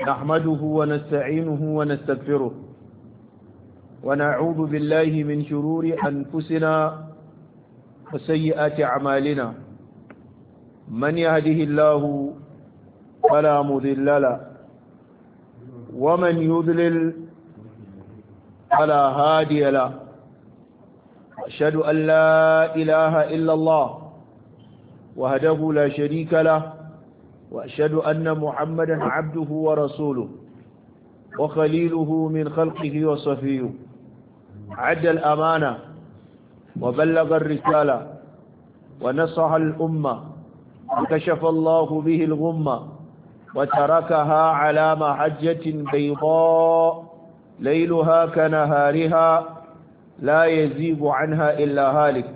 نحمده ونستعينه ونستغفره ونعوذ بالله من شرور أنفسنا وسيئات أعمالنا من يهده الله فلا مذل له ومن يذلل فلا هادي له أشهد أن لا إله إلا الله وهده لا شريك له وأشهد أن محمدا عبده ورسوله وخليله من خلقه وصفيه عد الأمانة وبلغ الرسالة ونصح الأمة وكشف الله به الغمة وتركها على محجة بيضاء ليلها كنهارها لا يزيب عنها إلا هالك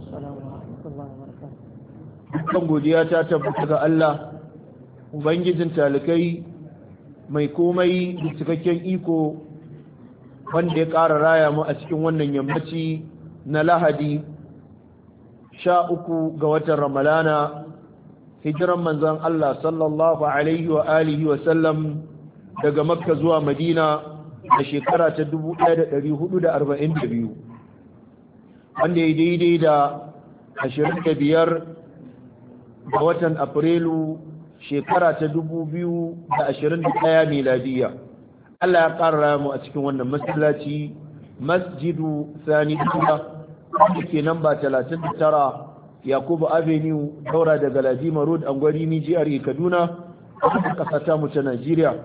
dukkan godiya ta tabbata ga Allah ubangijin talikai mai komai da cikakken iko wanda ya ƙara raya mu a cikin wannan yammaci na lahadi sha uku ga watan ramalana hijiran manzan Allah sallallahu alaihi wa alihi wa sallam daga makka zuwa madina da shekara ta 1442 wanda ya daidai da 25 ga watan Afrilu shekara ta dubu biyu da da ashirin ɗaya miladiya. Allah ya ƙara mu a cikin wannan masallaci Masjidu Sani Dula wanda ke da tara Yakubu Avenue daura daga Ladima Road Angwari Nijiyar e, Kaduna a ƙasa ta mu ta Najeriya.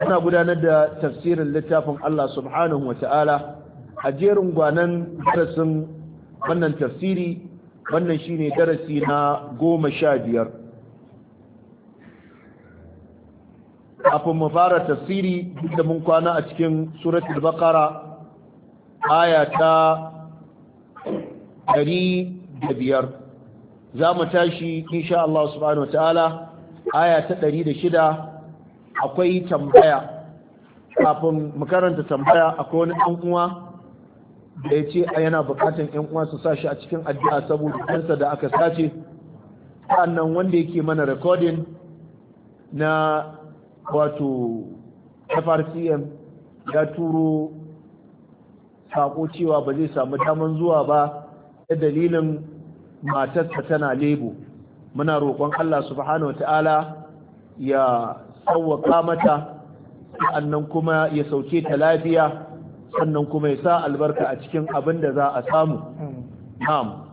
Ana gudanar da tafsirin littafin Allah subhanahu wa ta'ala a jerin gwanan darasin wannan tafsiri wannan shi ne darasi na goma sha biyar kafin mu fara tasiri duk da mun kwana a cikin suratul baqara aya ta ɗari da biyar za mu tashi insha Allah subhanahu wa ta'ala aya ta ɗari da shida akwai tambaya kafin mu karanta tambaya akwai wani ɗan'uwa. da ya ce a yana bukatan yan uwa su sa shi a cikin addu'a saboda kansa da aka sace sannan wanda yake mana recording na wato FRCM ya turo sako cewa ba zai samu daman zuwa ba da dalilin matarsa tana lebo muna roƙon Allah subhanahu ta'ala ya sauwaƙa mata sannan kuma ya sauke ta lafiya sannan kuma ya sa albarka a cikin abin da za a samu na'am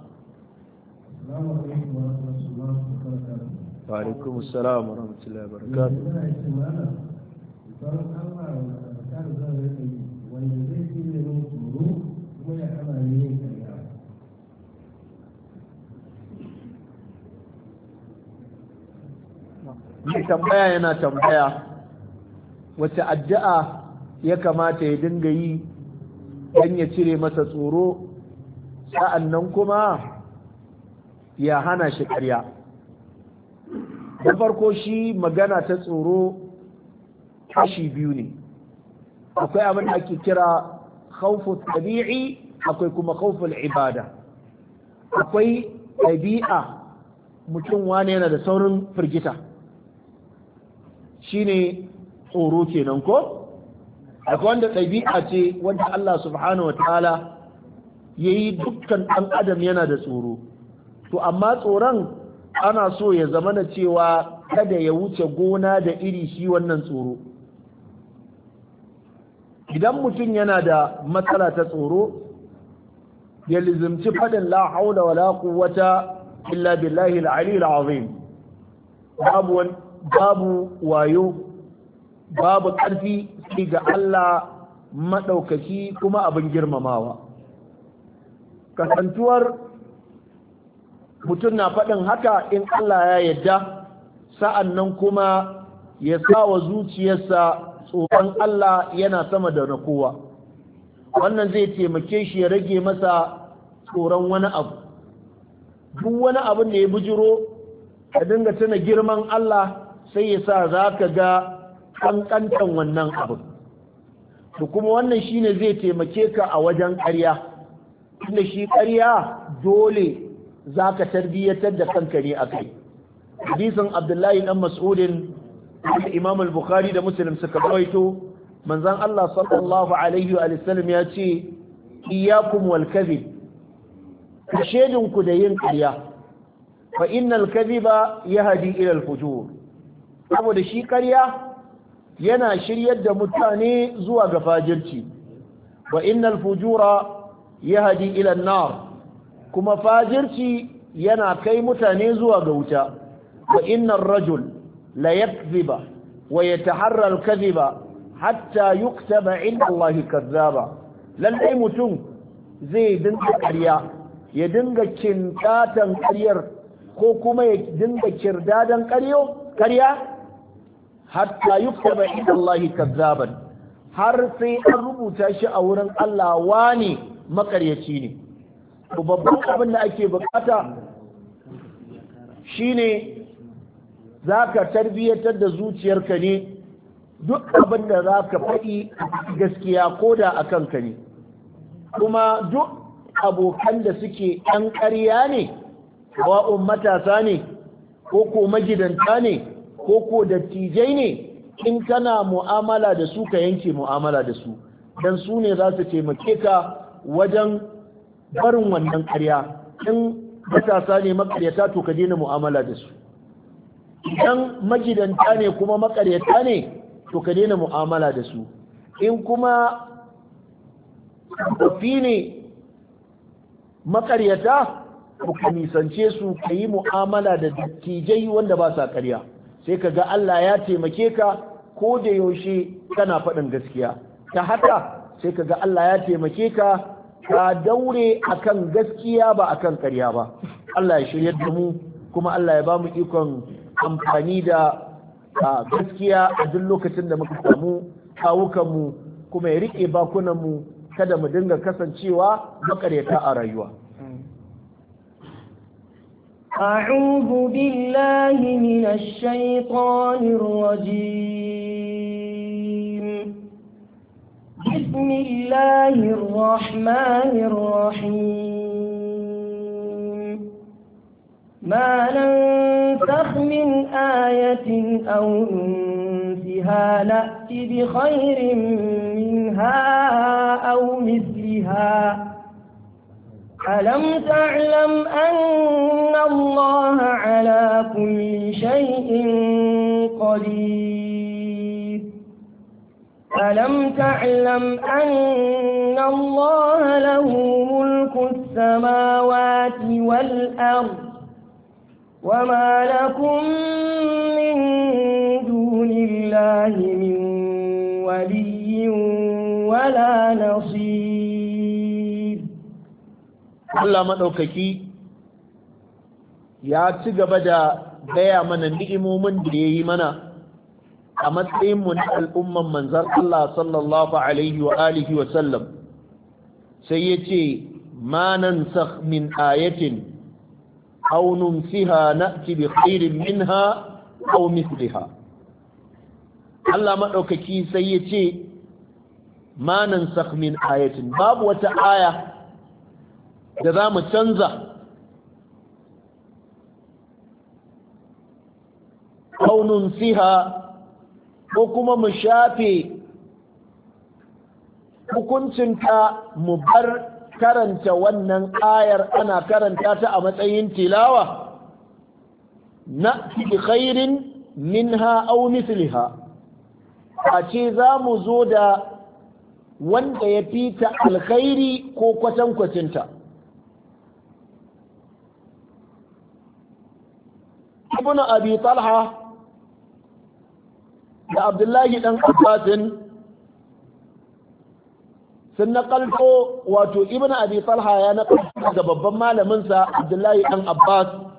barikun alaikum wa rahmatullahi wa barakatuh mai tambaya yana tambaya wace addu'a ya kamata ya dinga yi don ya cire masa tsoro sa'an nan kuma ya hana shi ƙarya da farko shi magana ta tsoro kashi biyu ne akwai abin da ake kira khawfu tabi'i akwai kuma khawfu ibada akwai ɗabi'a mutum wane yana da saurin firgita Shi ne tsoro kenan ko akwai wanda ɗabi'a ce wanda Allah subhanahu wataala yi dukkan ɗan adam yana da tsoro to amma tsoron ana so ya zama na cewa kada ya wuce gona da iri shi wannan tsoro idan mutum yana da matsala ta tsoro ya lizimci faɗin la haula wala wata, illa billahi al-ali babu wayo babu ƙarfi sai ga Allah maɗaukaki kuma abin girmamawa kasantuwar mutum na faɗin haka in Allah ya yadda sa'an nan kuma ya sa wa zuciyarsa tsoron Allah yana sama da na kowa wannan zai taimake shi ya rage masa tsoron wani abu duk wani abin da ya bujiro ka dinga tana girman Allah sai ya sa za ka ga Ƙanƙantan wannan abin to kuma wannan shine zai taimake ka a wajen ƙarya inda shi ƙarya dole za ka tarbiyyatar da kanka ne a kai hadisin abdullahi dan mas'udin imam al-bukhari da muslim suka rawaito manzon Allah sallallahu alaihi wa sallam ya ce iyyakum wal kadhib shedin ku da yin ƙarya fa innal ba ya hadi ilal fujur saboda shi ƙarya yana shiryar da mutane zuwa ga fajirci wa innal fujura yahdi ila an-nar kuma fajirci yana kai mutane zuwa ga wuta wa innar rajul la yakdhiba wa yataharra al-kadhiba hatta yuktaba inda Allah kadhaba lallai mutum zai dinga ƙarya ya dinga kinkatan ƙaryar ko kuma ya dinga kirdadan ƙaryo ƙarya hatta yuktaba inda Allah kazzaban har sai an rubuta shi a wurin Allah wani makaryaci ne babban abin da ake bukata shine zaka tarbiyyatar da zuciyarka ne duk abin da za ka faɗi gaskiya ko da a kanka ne kuma duk abokan da suke ƴan ƙarya ne wa'un matasa ne ko ko magidanta ne ko ko dattijai ne in kana mu'amala da su ka yanke mu'amala da su dan su ne za su taimake ka wajen barin wannan ƙarya in matasa ne makaryata to ka daina mu'amala da su idan magidanta ne kuma makaryata ne to ka daina mu'amala da su in kuma tafi ne makaryata ko ka nisance su ka yi mu'amala da dattijai wanda ba sa ƙarya sai ka ga Allah ya taimake ka ko da yaushe kana faɗin gaskiya ta haka sai ka ga Allah ya taimake ka ka daure akan gaskiya ba a kan karya ba Allah ya shirya da mu kuma Allah ya ba mu ikon amfani da gaskiya a duk lokacin da muka samu kawukanmu kuma ya riƙe bakunanmu kada mu dinga kasancewa maƙaryata a rayuwa أعوذ بالله من الشيطان الرجيم بسم الله الرحمن الرحيم ما ننسخ من آية أو ننسها نأتي بخير منها أو مثلها ألم تعلم أن الله على كل شيء قدير ألم تعلم أن الله له ملك السماوات والأرض وما لكم من دون الله من ولي ولا نصير Allah maɗaukaki ya ci gaba da gaya mana ni'imomin da ya yi mana a matsayinmu na al'umman Manzar Allah sallallahu Alaihi wa alihi wa sallam sai ya ce ma manan min ayatin aunin fiha na bi khairin minha au misliha Allah maɗaukaki sai ya ce ma manan min ayatin babu wata aya da za mu canza kaunin siha ko kuma mu shafe hukuncinta mu bar karanta wannan ayar ana karanta ta a matsayin tilawa na fi khairin minha aw misliha a ce za mu zo da wanda ya fita alkhairi ko kwatankwacinta ibn abi talha da abdullahi dan abbasin sun nakalto wato ibn abi talha ya nakalto da babban malaminsa abdullahi dan abbas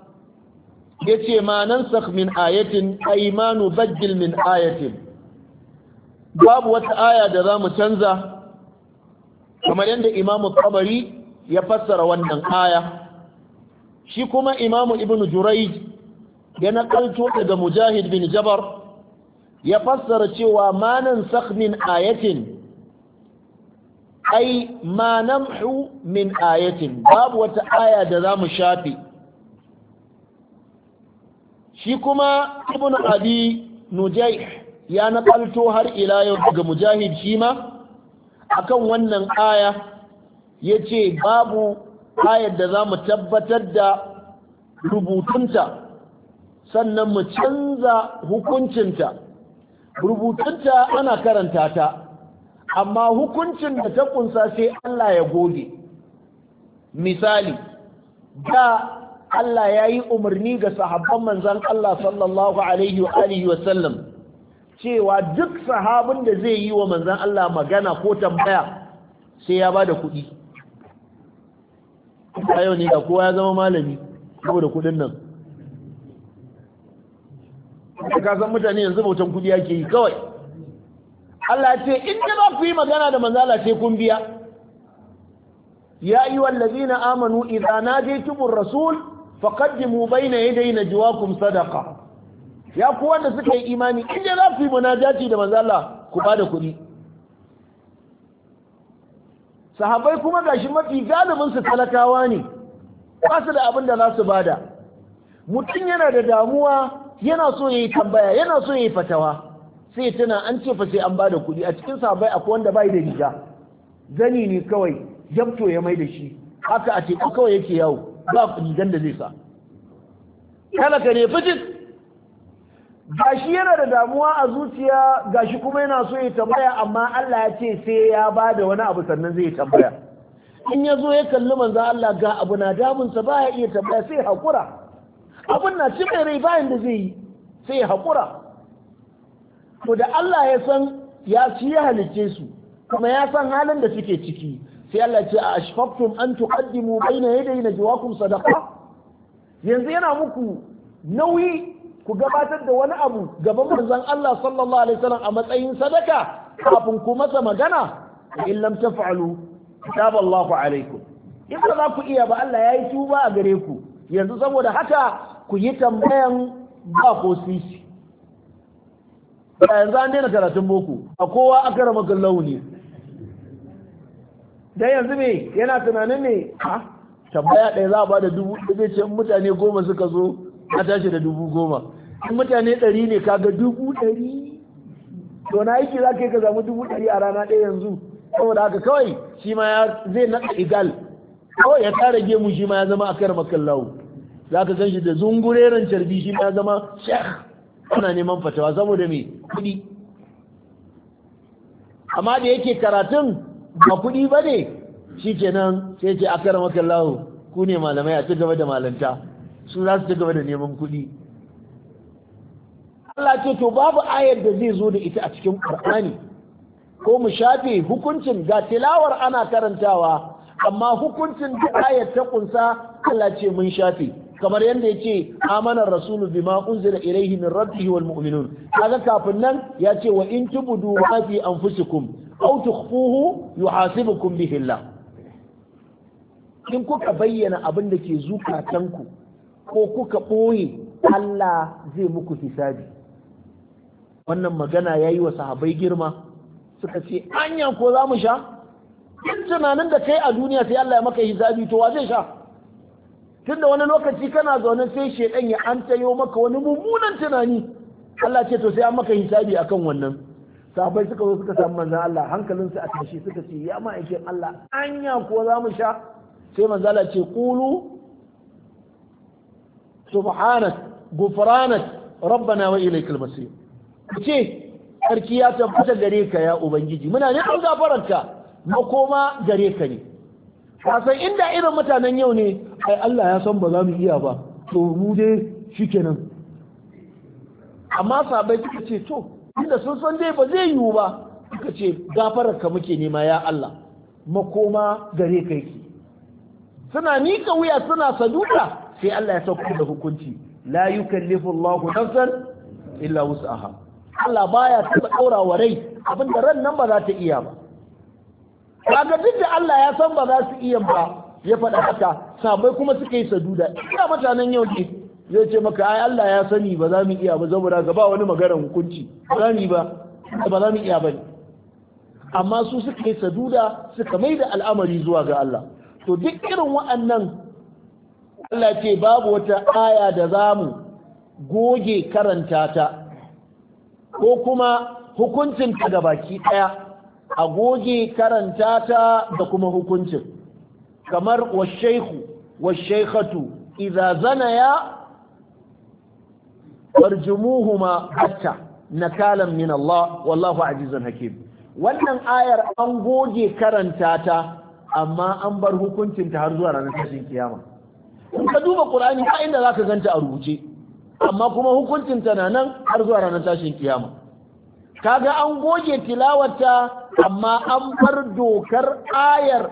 ya ce ma nan min ayatin aimanu bajjil min ayatin babu wata aya da za mu canza kamar yadda imamu kabari ya fassara wannan aya shi kuma imamu ibn jurayj ya nakalto daga mujahid bin jabar ya fassara cewa manan min ayatin ai ma namhu min ayatin babu wata aya da za mu shafe shi kuma ibn abi nujai ya nakalto har ila yau daga mujahid shi ma akan wannan aya ya ce babu ayar da za mu tabbatar da rubutunta sannan mu canza hukuncinta rubutunta ana karanta ta amma hukuncin da ta kunsa sai Allah ya goge misali da Allah ya yi umarni ga sahabban manzan Allah sallallahu alaihi wa alihi wa sallam cewa duk sahabin da zai yi wa manzan Allah magana ko tambaya sai ya bada kuɗi. Ayo ne da kowa ya zama malami saboda kuɗin nan. ka san mutane yanzu bautan kudi ake yi kawai Allah ya ce in da ba ku yi magana da manzo Allah sai kun biya ya ayyuhal na amanu na je najaytumur rasul faqaddimu bayna yaday najwaakum sadaqa ya ku wanda suka yi imani in da za ku yi munajaci da manzo Allah ku bada kudi sahabbai kuma gashi mafi galibin su talakawa ne ba su da abin da za su bada mutum yana da damuwa yana so ya yi tambaya yana so ya yi fatawa sai tana an ce fa sai an bada kuɗi a cikin sabai akwai wanda bai da riga zani ne kawai jabto ya mai da shi haka a teku kawai yake yawo ba rigan da zai sa talaka ne fitit gashi yana da damuwa a zuciya gashi kuma yana so ya tambaya amma Allah ya ce sai ya ba da wani abu sannan zai tambaya in ya zo ya kalli manzo Allah ga abu na damunsa ba ya iya tambaya sai hakura abin na ci rai bayan da zai yi sai ya haƙura to da Allah ya san ya ci ya halicce su kuma ya san halin da suke ciki sai Allah ce a ashfaqtum an tuqaddimu baina yaday najwaakum sadaqa yanzu yana muku nauyi ku gabatar da wani abu gaban manzon Allah sallallahu alaihi wasallam a matsayin sadaka kafin ku masa magana in lam taf'alu alaikum in ba za ku iya ba Allah ya yayi tuba a gare ku yanzu saboda haka ku yi tambayan ba ko sisi yanzu an daina karatun boko a kowa aka rama ne dan yanzu me yana tunanin ne ha tambaya ɗaya za a ba da dubu ɗaya ce mutane goma suka zo a tashi da dubu goma in mutane ɗari ne kaga dubu ɗari to na aiki za ka yi ka zamu dubu ɗari a rana ɗaya yanzu saboda haka kawai shi ma ya zai naɗa igal kawai ya tara gemu shi ma ya zama akar makallahu za ka gan shi da zungureren carbi shi ya zama shek ana neman fatawa saboda mai kuɗi amma da yake karatun ba kuɗi ba ne shi nan sai ce a kara lahu ku ne malamai a ci gaba da malanta su za su ci gaba da neman kuɗi Allah ce to babu ayar da zai zo da ita a cikin ƙar'ani ko mu shafe hukuncin ga tilawar ana karantawa amma hukuncin da ayar ta kunsa Allah ce mun shafe kamar yadda ya ce amana rasulu bima unzila ilaihi min rabbihi wal mu'minun kaga kafin nan ya ce wa in tubudu ma fi anfusikum aw tukhfuhu yuhasibukum bihi Allah in kuka bayyana abin da ke zukatanku ko kuka boye Allah zai muku hisabi wannan magana yayi wa sahabai girma suka ce anya ko za mu sha in tunanin da kai a duniya sai Allah ya maka hisabi to wa zai sha tunda wani lokaci kana zaune sai shedan ya tayo maka wani mummunan tunani Allah ce to sai an maka hisabi akan wannan sahabbai suka zo suka samu manzan Allah su a tashi suka ce ya ma'aikin Allah anya kuwa za mu sha sai manzon Allah ce qulu subhanak gufranak rabbana wa ilaikal masir ce sarki ya tabbata gare ka ya ubangiji muna ne an gafararka makoma gare ka ne ka inda irin mutanen yau ne ai Allah ya san ba za mu iya ba to mu dai shikenan amma sabai suka ce to inda sun san dai ba zai yiwu ba suka ce gafarar ka muke nema ya Allah makoma gare kai ki. suna mika wuya suna saduka sai Allah ya sauko da hukunci la yukallifu Allahu nafsan illa wus'aha Allah baya taɓa daura wa rai abinda ran nan ba za ta iya ba kaga duk da Allah ya san ba za su iya ba ya faɗa haka sabai kuma suka yi saduda ina mutanen yau ne zai ce maka ai Allah ya sani ba za mu iya ba saboda ga ba wani maganar hukunci ba za mu ba ba za mu iya ba amma su suka yi saduda suka mai da al'amari zuwa ga Allah to duk irin wa'annan Allah ce babu wata aya da zamu goge karanta ta ko kuma hukuncin ta ga baki ɗaya a goge karanta ta da kuma hukuncin kamar wa washaikhatu idza zanaya farjumuhuma hatta nakalan min Allah wallahu azizun hakim wannan ayar an goge karanta ta amma an bar hukuncin ta har zuwa ranar tashin kiyama in ka duba qur'ani ka inda zaka ganta a rubuce amma kuma hukuncin ta na nan har zuwa ranar tashin kiyama kaga an goge tilawata amma an bar dokar ayar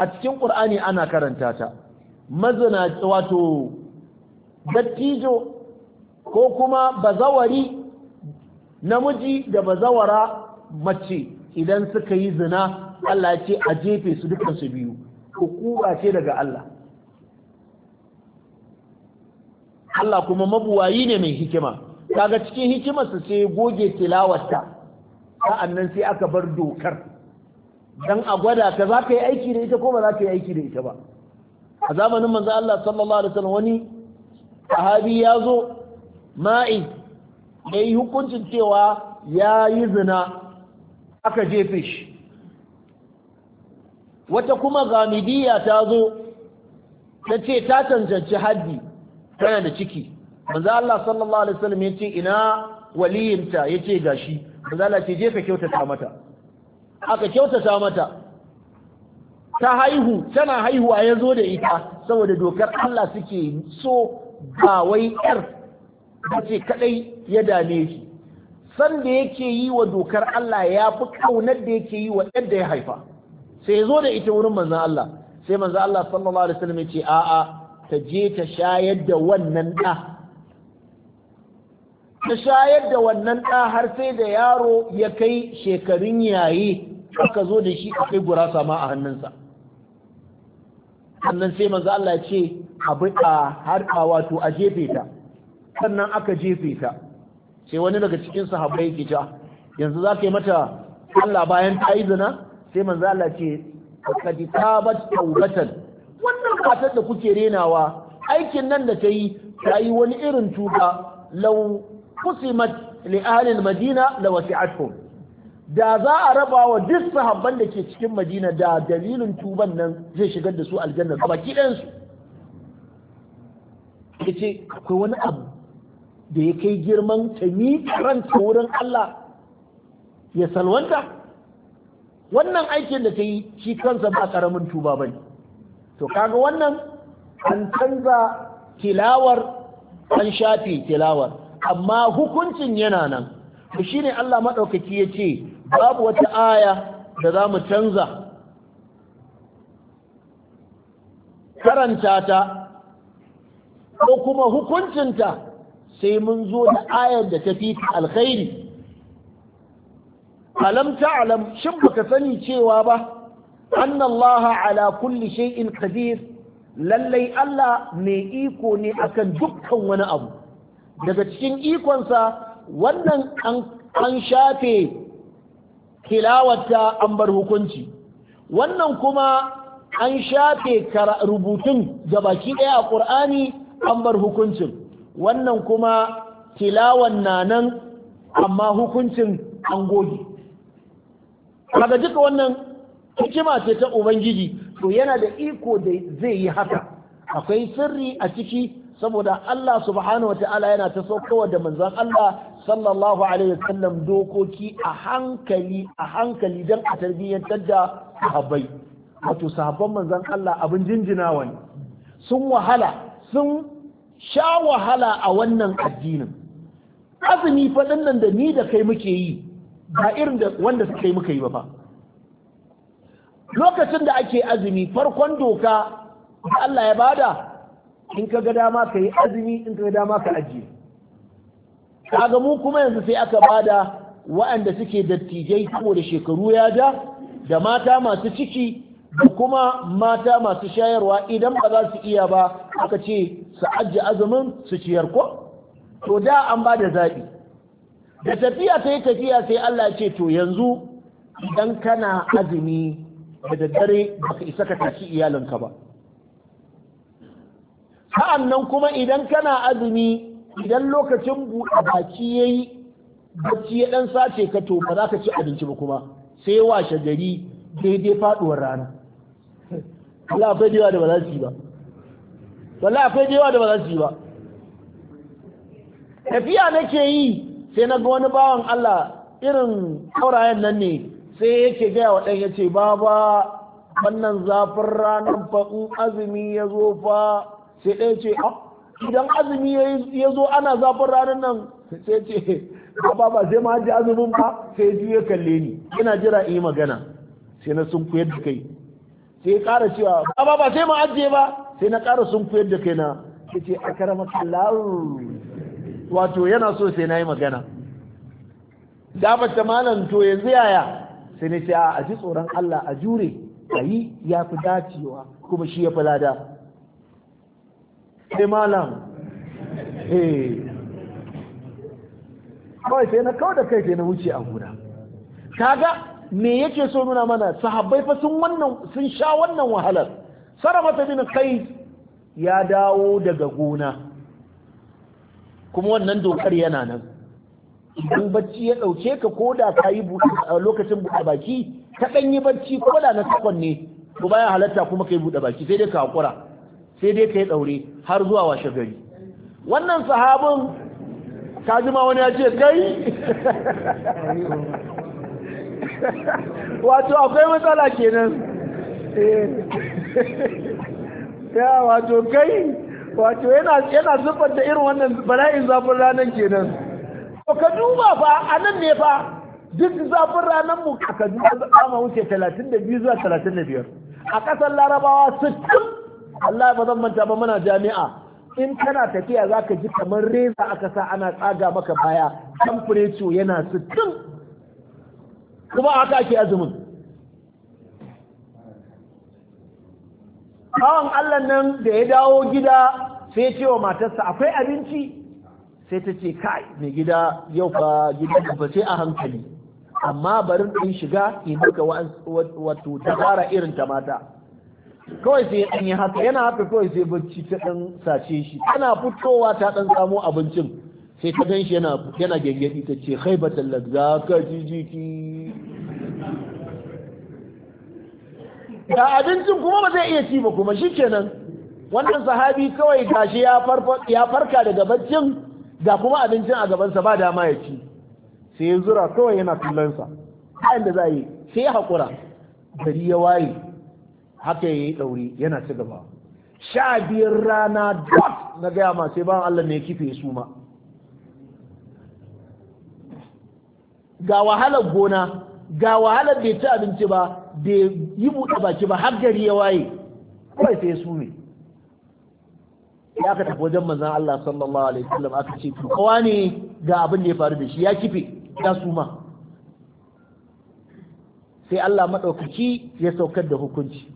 a cikin ƙur'ani ana karanta ta Mazana wato dattijo ko kuma bazawari namiji da bazawara mace idan suka yi zina Allah ya ce a jefe su dukansu biyu hukuma ce daga Allah Allah kuma mabuwayi ne mai hikima kaga cikin hikimarsa sai goge tilawarta sa'an nan sai aka bar dokar don a gwada ta za ka yi aiki da ita ko ba za ka yi aiki da ita ba a zamanin manzo Allah sallallahu alaihi wasallam wani sahabi ya zo ma'i ya yi hukuncin cewa ya yi zina aka jefe shi wata kuma gamidiya ta zo ta ce ta cancanci haddi tana da ciki manzo Allah sallallahu alaihi wasallam ya ce ina waliyinta yace gashi manzala ce je ka kyautata mata aka kyautata mata ta haihu tana haihuwa ya zo da ita saboda dokar Allah suke so ba wai yar ba ce kadai ya dame shi san da yake yi wa dokar Allah ya fi kaunar da yake yi wa yadda ya haifa sai zo da ita wurin manzan Allah sai manzan Allah sallallahu alaihi wasallam ya ce a'a ta je ta shayar da wannan da ta shayar da wannan ɗa har sai da yaro ya kai shekarun yayi aka zo da shi akai gurasa ma a hannunsa sannan sai maza Allah ce abu a harka wato a jefe ta sannan aka jefe ta sai wani daga cikin sahabbai ke ta. yanzu za ka yi mata Allah bayan ta yi zina sai manzo Allah ce ta tabat tawbatan wannan matar da kuke renawa aikin nan da ta yi ta yi wani irin tuba lau qusimat li ahli al-madina lawasi'atuhum da za a raba wa duk sahabban da ke cikin madina da dalilin tuban nan zai shigar da su aljanna ga baki ɗayan su yace akwai wani abu da ya kai girman ta ni ranta wurin Allah ya salwanta wannan aikin da ta yi shi kansa ba karamin tuba bane to kaga wannan an canza tilawar an shafe tilawar amma hukuncin yana nan shi ne Allah maɗaukaki ya ce babu wata aya da za mu canza karanta ta ko kuma hukuncinta sai mun zo da ayar da ta fi alkhairi alam alam shin baka sani cewa ba annallaha ala kulli shay'in qadir lallai Allah mai iko ne akan dukkan wani abu daga cikin ikonsa wannan an shafe kilawata an bar hukunci wannan kuma an shafe rubutun baki ɗaya a ƙur'ani an bar hukuncin wannan kuma tilawan na nan amma hukuncin an goge daga duka wannan hikima ce ta ubangiji to yana da iko da zai yi haka akwai sirri a ciki saboda Allah subhanahu wa ta'ala yana ta saukowa da manzan Allah sallallahu alaihi dokoki a hankali a hankali don a tarbiyyantar da sahabbai wato sahabban manzon Allah abin jinjinawa wani sun wahala sun sha wahala a wannan addinin azumi faɗin nan da ni da kai muke yi ba irin da wanda suka yi muka yi ba fa lokacin da ake azumi farkon doka da Allah ya bada in ka ga dama ka yi azumi in ka ga dama ka ajiye kaga mu kuma yanzu sai aka bada waɗanda suke dattijai da shekaru ya ja da mata masu ciki da kuma mata masu shayarwa idan ba za su iya ba aka ce su ajiye azumin su ciyar ko to da an ba da zaɓi da tafiya sai, tafiya sai Allah ce to yanzu idan kana azumi da daddare baka isa ka tashi iyalinka ba nan kuma idan kana azumi idan lokacin buɗe baki ya yi bacci ya ɗan sace ka to ba za ka ci abinci ba kuma sai washe gari daidai faɗuwar rana wala akwai da da ba za su yi ba wala akwai da da ba za su yi ba tafiya nake yi sai na ga wani bawan Allah irin saurayen nan ne sai yake gaya wa ɗan ya ce baba wannan zafin ranar fa azumi ya zo fa sai ɗaya ce ah, idan azumi ya zo ana zafin ranar nan sai ce ah, ba ba sai ma ji azumin ba sai ji ya kalle ni yana jira in yi magana sai na sun koyar da kai sai ƙara cewa ah, ba ba sai ma ajiye ba sai na ƙara sun koyar da kai na sai ce a kara wato yana so sai na yi magana da ba ta malam to yanzu yaya sai na ce a ji tsoron Allah a jure a yi ya fi dacewa kuma shi ya fi lada sai malam eh. kawai sai na kawo da kai sai na wuce a guda kaga me yake so nuna mana sahabbai fa sun wannan sun sha wannan wahalar mata bin kai ya dawo daga gona kuma wannan dokar yana nan idan bacci ya ɗauke ka ko da ka yi lokacin buɗe baki ka ɗanyi yi ko koda na sakon ne ko baya halatta kuma ka yi buɗe baki sai dai ka haƙura. sai dai ka yi ɗaure har zuwa washe gari wannan sahabin ka jima wani ya ce kai wato akwai matsala kenan ya wato kai wato yana zubar da irin wannan bala'in zafin ranar kenan ka duba fa a nan ne fa duk zafin ranar mu ka kaduna zama wuce 32 zuwa 35 a ƙasar larabawa 60 Allah ba zan manta ba muna jami'a in kana tafiya za ka ji kamar reza aka sa ana tsaga maka baya temperature yana sittin kuma aka ake azumin bawan Allah nan da ya dawo gida sai ce wa matarsa akwai abinci sai ta ce kai mai gida yau fa gida ba sai a hankali amma barin ɗin shiga in duka wato dabara irin ta mata kawai sai ya yi haka yana haka kawai sai bacci ta ɗan sace shi Ana fitowa ta ɗan samo abincin sai ta gan yana yana gengedi ta ce kai ba za ka ji jiki da abincin kuma ba zai iya ci ba kuma shi kenan wannan sahabi kawai gashi ya farka daga baccin da kuma abincin a gabansa ba dama ya ci sai ya zura kawai yana kullansa. ba inda za yi sai ya haƙura gari ya waye haka yayi dauri yana ci gaba sha biyar rana dot na gaya ma sai ban Allah ne kife su ma ga wahalar gona ga wahalar bai ci abinci ba bai yi buɗe baki ba har gari ya waye kawai sai su ne ya ka tafi wajen manzan Allah sallallahu alaihi wasallam aka ce to kowa ne ga abin da ya faru da shi ya kife ya suma sai Allah madaukaki ya saukar da hukunci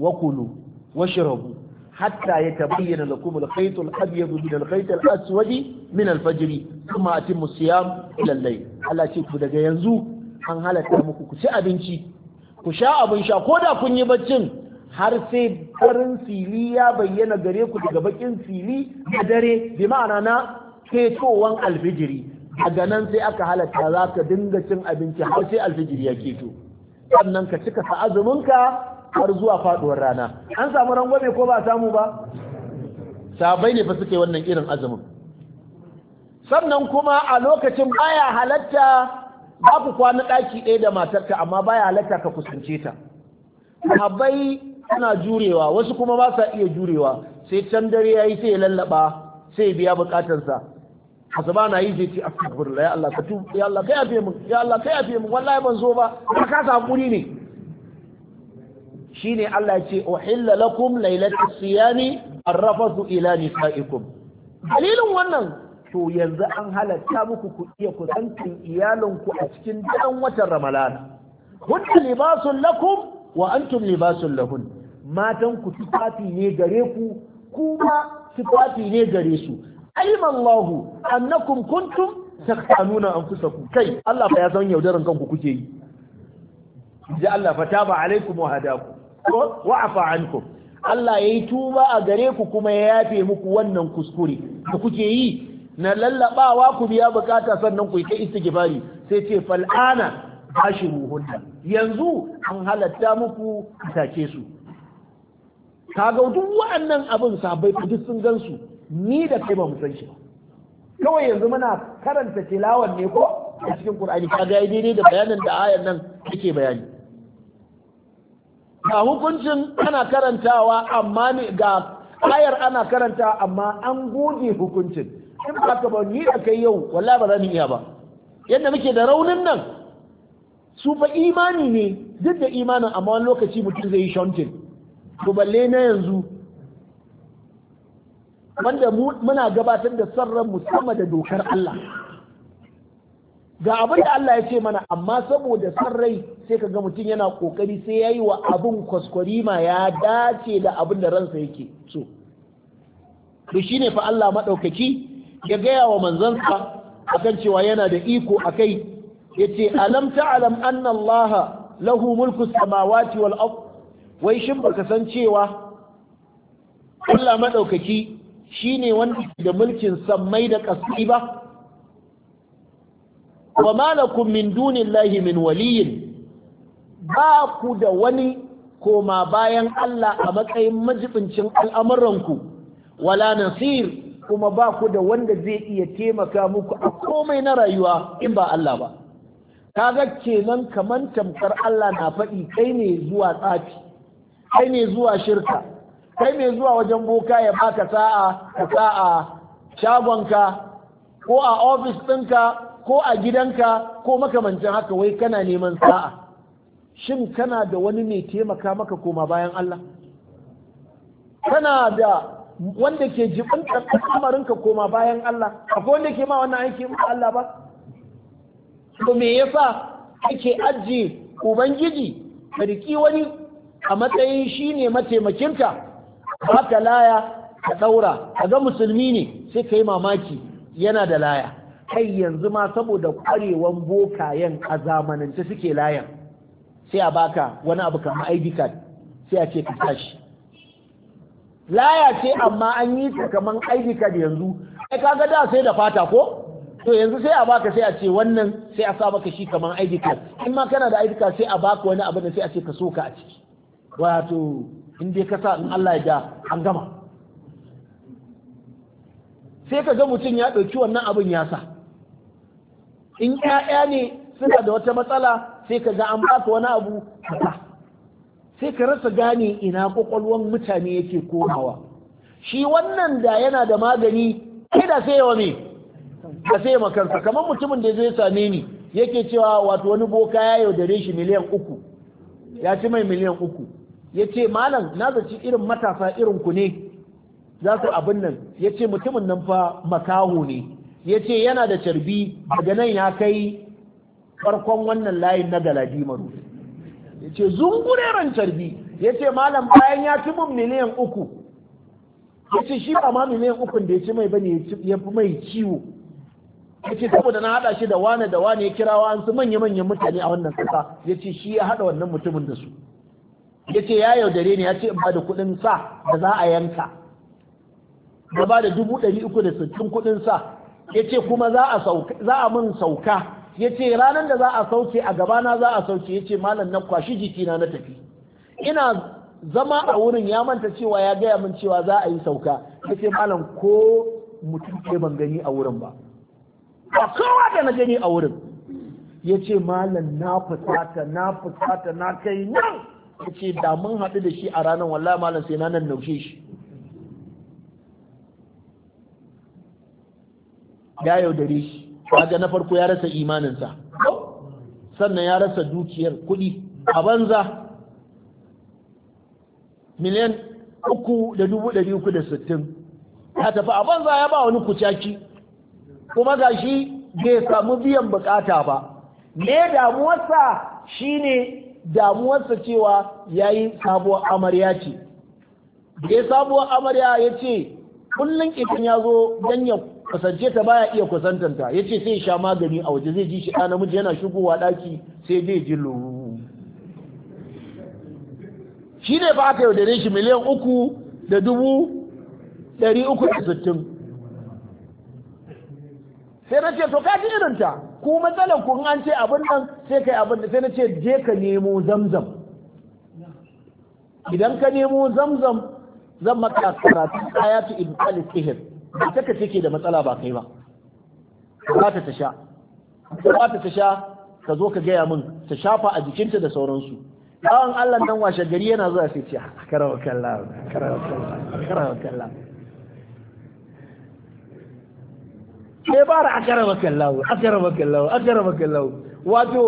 وكلوا واشربوا حتى يتبين لكم الخيط الأبيض من الخيط الأسود من الفجر ثم أتم الصيام إلى الليل Allah ce ku daga yanzu an halatta muku ku ci abinci ku sha abun sha ko da kun yi baccin har sai farin fili ya bayyana gare ku daga bakin fili na dare bi ma'ana na ketowan alfijiri daga nan sai aka halarta za ka dinga cin abinci har sai alfijiri ya keto sannan ka cika sa azuminka har zuwa faduwar rana an samu rangwame ko ba samu ba sabai ne fa suke wannan irin azumin sannan kuma a lokacin baya halatta ba ku kwana ɗaki ɗaya da matarka amma baya halatta ka kusance ta Habai suna jurewa wasu kuma ba sa iya jurewa sai can dare yayi sai ya lallaba sai biya sa hasaba na yi zai ce astaghfirullah ya Allah ka tu ya Allah kai yafe min ya Allah ka yafe min wallahi ban zo ba ka kasa hakuri ne shine Allah ya ce uhilla lakum lailatul siyami arrafatu ila nisaikum dalilin wannan to yanzu an halatta muku ku iya kusantin iyalinku a cikin dan watan Ramadana. hunna libasun lakum wa antum libasun lahun matan ku tufafi ne gare ku kuma tufafi ne gare su alima Allahu annakum kuntum takhtanuna anfusakum kai Allah fa ya san yaudaran kanku kuke yi ji Allah fa taba alaikum wa hadakum ko afa ankum Allah yayi tuba a gare ku kuma ya yafe muku wannan kuskure da kuke yi na lallabawa ku biya bukata sannan ku yi ta istighfari sai ce fal'ana bashiruhunna yanzu an halatta muku kace su kaga duk wa'annan abin sabai ku sun gansu ni da kai ba mu san shi ba kawai yanzu muna karanta tilawan ne ko a cikin Qur'ani kaga yayi daidai da bayanin da ayan nan take bayani ga hukuncin ana karantawa amma ga ayar ana karanta amma an goge hukuncin in ba ka ba ni da kai yau wallahi ba zan iya ba yadda muke da raunin nan su fa imani ne duk da imanin amma wani lokaci mutum zai yi shontin to balle na yanzu wanda muna gabatar da sarran musamman da dokar Allah ga abin da Allah ya ce mana amma saboda san rai sai ka ga mutum yana kokari sai ya yi wa abin kwaskwarima ya dace da abin da ransa yake so to shine fa Allah maɗaukaki ya gaya wa manzansa akan cewa yana da iko a kai ya ce alam ta'alam anna Allah lahu mulku samawati wal ard wai shin baka san cewa Allah maɗaukaki shine wanda da mulkin sammai da ƙasai ba wa malakum min dunillahi min waliyin ba ku da wani koma bayan Allah a matsayin majibincin al'amuranku wala nasir kuma ba ku da wanda zai iya taimaka muku a komai na rayuwa in ba Allah ba kaga kenan kaman tamkar Allah na faɗi kai ne zuwa tsafi kai ne zuwa shirka kai ne zuwa wajen boka ya baka sa'a ka sa'a shagonka ko a ofis ɗinka ko a gidanka ko makamancin haka wai kana neman sa'a shin kana da wani mai taimaka maka koma bayan Allah kana da wanda ke tsammarin ka koma bayan Allah akwai wanda ke ma wannan aiki ba Allah ba to me yasa kake ajiye ubangiji ka wani a matsayin shine mataimakinka haka laya ka daura ga musulmi ne sai kai mamaki yana da laya kai yanzu ma saboda ƙwarewan bokayen a zamanance suke layan sai a baka wani abu kamar ID card sai a ce ka tashi laya ce amma an yi ta kamar ID card yanzu ai kaga da sai da fata ko to yanzu sai a baka sai a ce wannan sai a sa maka shi kamar ID card in ma kana da ID card sai a baka wani abu da sai a ce ka soka a ciki wato in dai ka sa in Allah ya ga an gama sai ka ga mutum ya ɗauki wannan abin ya sa in 'ya'ya ne suna da wata matsala sai ka ga an baka wani abu haka sai ka rasa gane ina kwakwalwan mutane yake komawa shi wannan da yana da magani sai da sai yawa me da sai makarsa kamar mutumin da zai same ni yake cewa wato wani boka ya yaudare shi miliyan uku ya ci mai miliyan uku ya ce malam na zaci irin matasa irin ku ne za su abin nan ya ce mutumin nan fa makaho ne ya ce yana da carbi daga nan ya kai farkon wannan layin na galadimaru ya ce zungureren carbi ya ce malam bayan ya ci min miliyan uku ya ce shi ba ma miliyan ukun da ya ci mai ba ne ya fi mai ciwo ya ce saboda na haɗa shi da wane da wane ya kirawa an su manya-manyan mutane a wannan kasa, ya ce shi ya haɗa wannan mutumin da su ya ce ya yaudare ne ya ce ba da kudin sa da za a yanka ba da dubu ɗari uku da sittin kuɗin sa yace kuma za a sauka za a mun sauka yace ranar da za a sauke a gabana za a sauke yace malam na kwashi jikina na tafi ina zama a wurin ya manta cewa ya gaya min cewa za a yi sauka yace malam ko mutum ke ban gani a wurin ba ba kowa da na gani a wurin yace malam na fusata na fusata na kai nan yace da mun haɗu da shi a ranar wallahi malam sai na nan naushe shi ya yaudare shi kaga na farko ya rasa imaninsa sannan ya rasa dukiyar kuɗi a banza miliyan uku sittin ya tafi a banza ya ba wani kucaki kuma ga shi bai samu biyan bukata ba me damuwarsa shi ne damuwarsa cewa ya yi sabuwar amarya ce da sabuwar amarya ya ce kullum idan ya zo don ya Kasance ta baya iya kusantanta ya ce sai sha magani a waje zai ji shi ɗa namiji yana shigowa ɗaki sai zai ji luru shi ne fa aka yaudare shi miliyan uku da dubu ɗari uku da sittin sai na ce to ka ji irinta ku matsalar kun an ce abin nan sai kai abin da sai na ce je ka nemo zamzam idan ka nemo zamzam zan maka karatu ayatu ibn al-sihir ba kace take da matsala ba kai ba ba ta ta sha ba ta ta sha ka zo ka gaya min ta shafa a jikinta da sauransu bawan Allah nan washe gari yana zuwa sai ce ah, karawa kalla karawa kalla karawa kalla sai bara akarawa ah, kalla akarawa ah, kalla akarawa kalla wato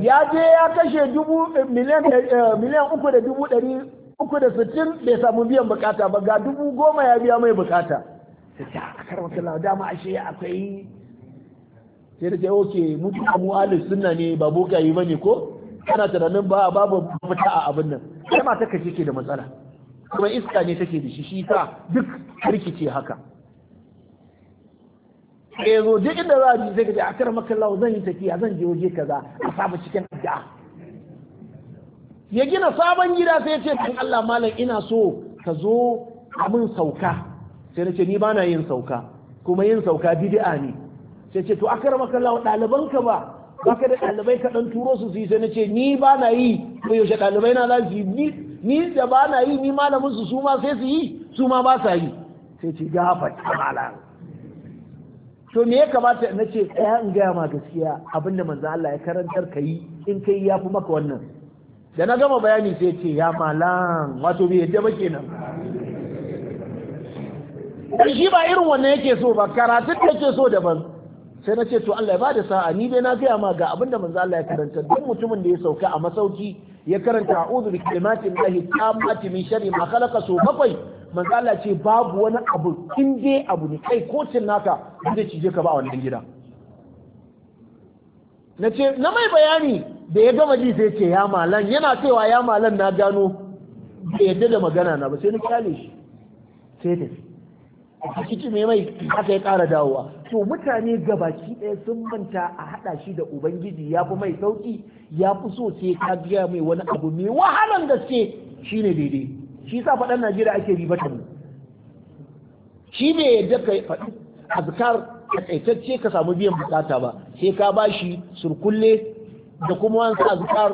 ya je ya kashe dubu eh, eh, eh, miliyan uku da dubu ɗari uku da sittin bai samu biyan bukata ba ga dubu goma ya biya mai bukata sai ta akar ah, makalla dama ashe akwai sai da ta oke mutu amu alis suna ne ba bokayi bane ko ana tunanin ba babu fita a abin nan Sai ma taka ke da matsala kuma iska ne take da shi shi ta duk rikice haka sai duk inda za a ji sai ka ce akar ah, makalla zan yi tafiya zan je waje kaza a saba cikin addu'a ya gina sabon gida sai ya ce dan Allah malam ina so ka zo min sauka sai na ce ni bana yin sauka kuma yin sauka bid'a ne sai ce to akrama kallahu ɗaliban ka ba baka da ɗalibai ka dan turo su sai na ce ni bana yi ko yaushe ɗalibai na za su yi ni da bana yi ni malamin su suma ma sai su yi su ma ba sa yi sai ce gafa malam to me ya kamata na ce ɗaya in gaya ma gaskiya abinda manzo Allah ya karantar ka yi in kai ya fi maka wannan da na gama bayani sai ce ya malam wato bai yadda ba kenan dan shi ba irin wannan yake so ba karatun yake so daban sai na ce to Allah ya bada sa'a ni dai na gaya ma ga abinda manzo Allah ya karanta duk mutumin da ya sauka a masauki ya karanta a'udhu bi kalimatin lahi tammati min sharri ma khalaqa so bakwai manzo Allah ce babu wani abu in dai abu ne kai kocin naka zai cije ka ba wannan gida na ce na mai bayani da ya gama ji sai ce ya malan yana cewa ya malan na gano bai yadda da magana na ba sai na kyale shi sai tafi a cikin mai mai aka ya kara dawowa to mutane gabaki ɗaya sun manta a haɗa shi da ubangiji ya fi mai sauki ya fi so sai ka biya mai wani abu mai wahalan gaske shine daidai shi sa faɗan najeriya ake ribatan mu shi ne yadda ka faɗi azkar takaitacce ka samu biyan bukata ba sai ka bashi surkulle da kuma wani azkar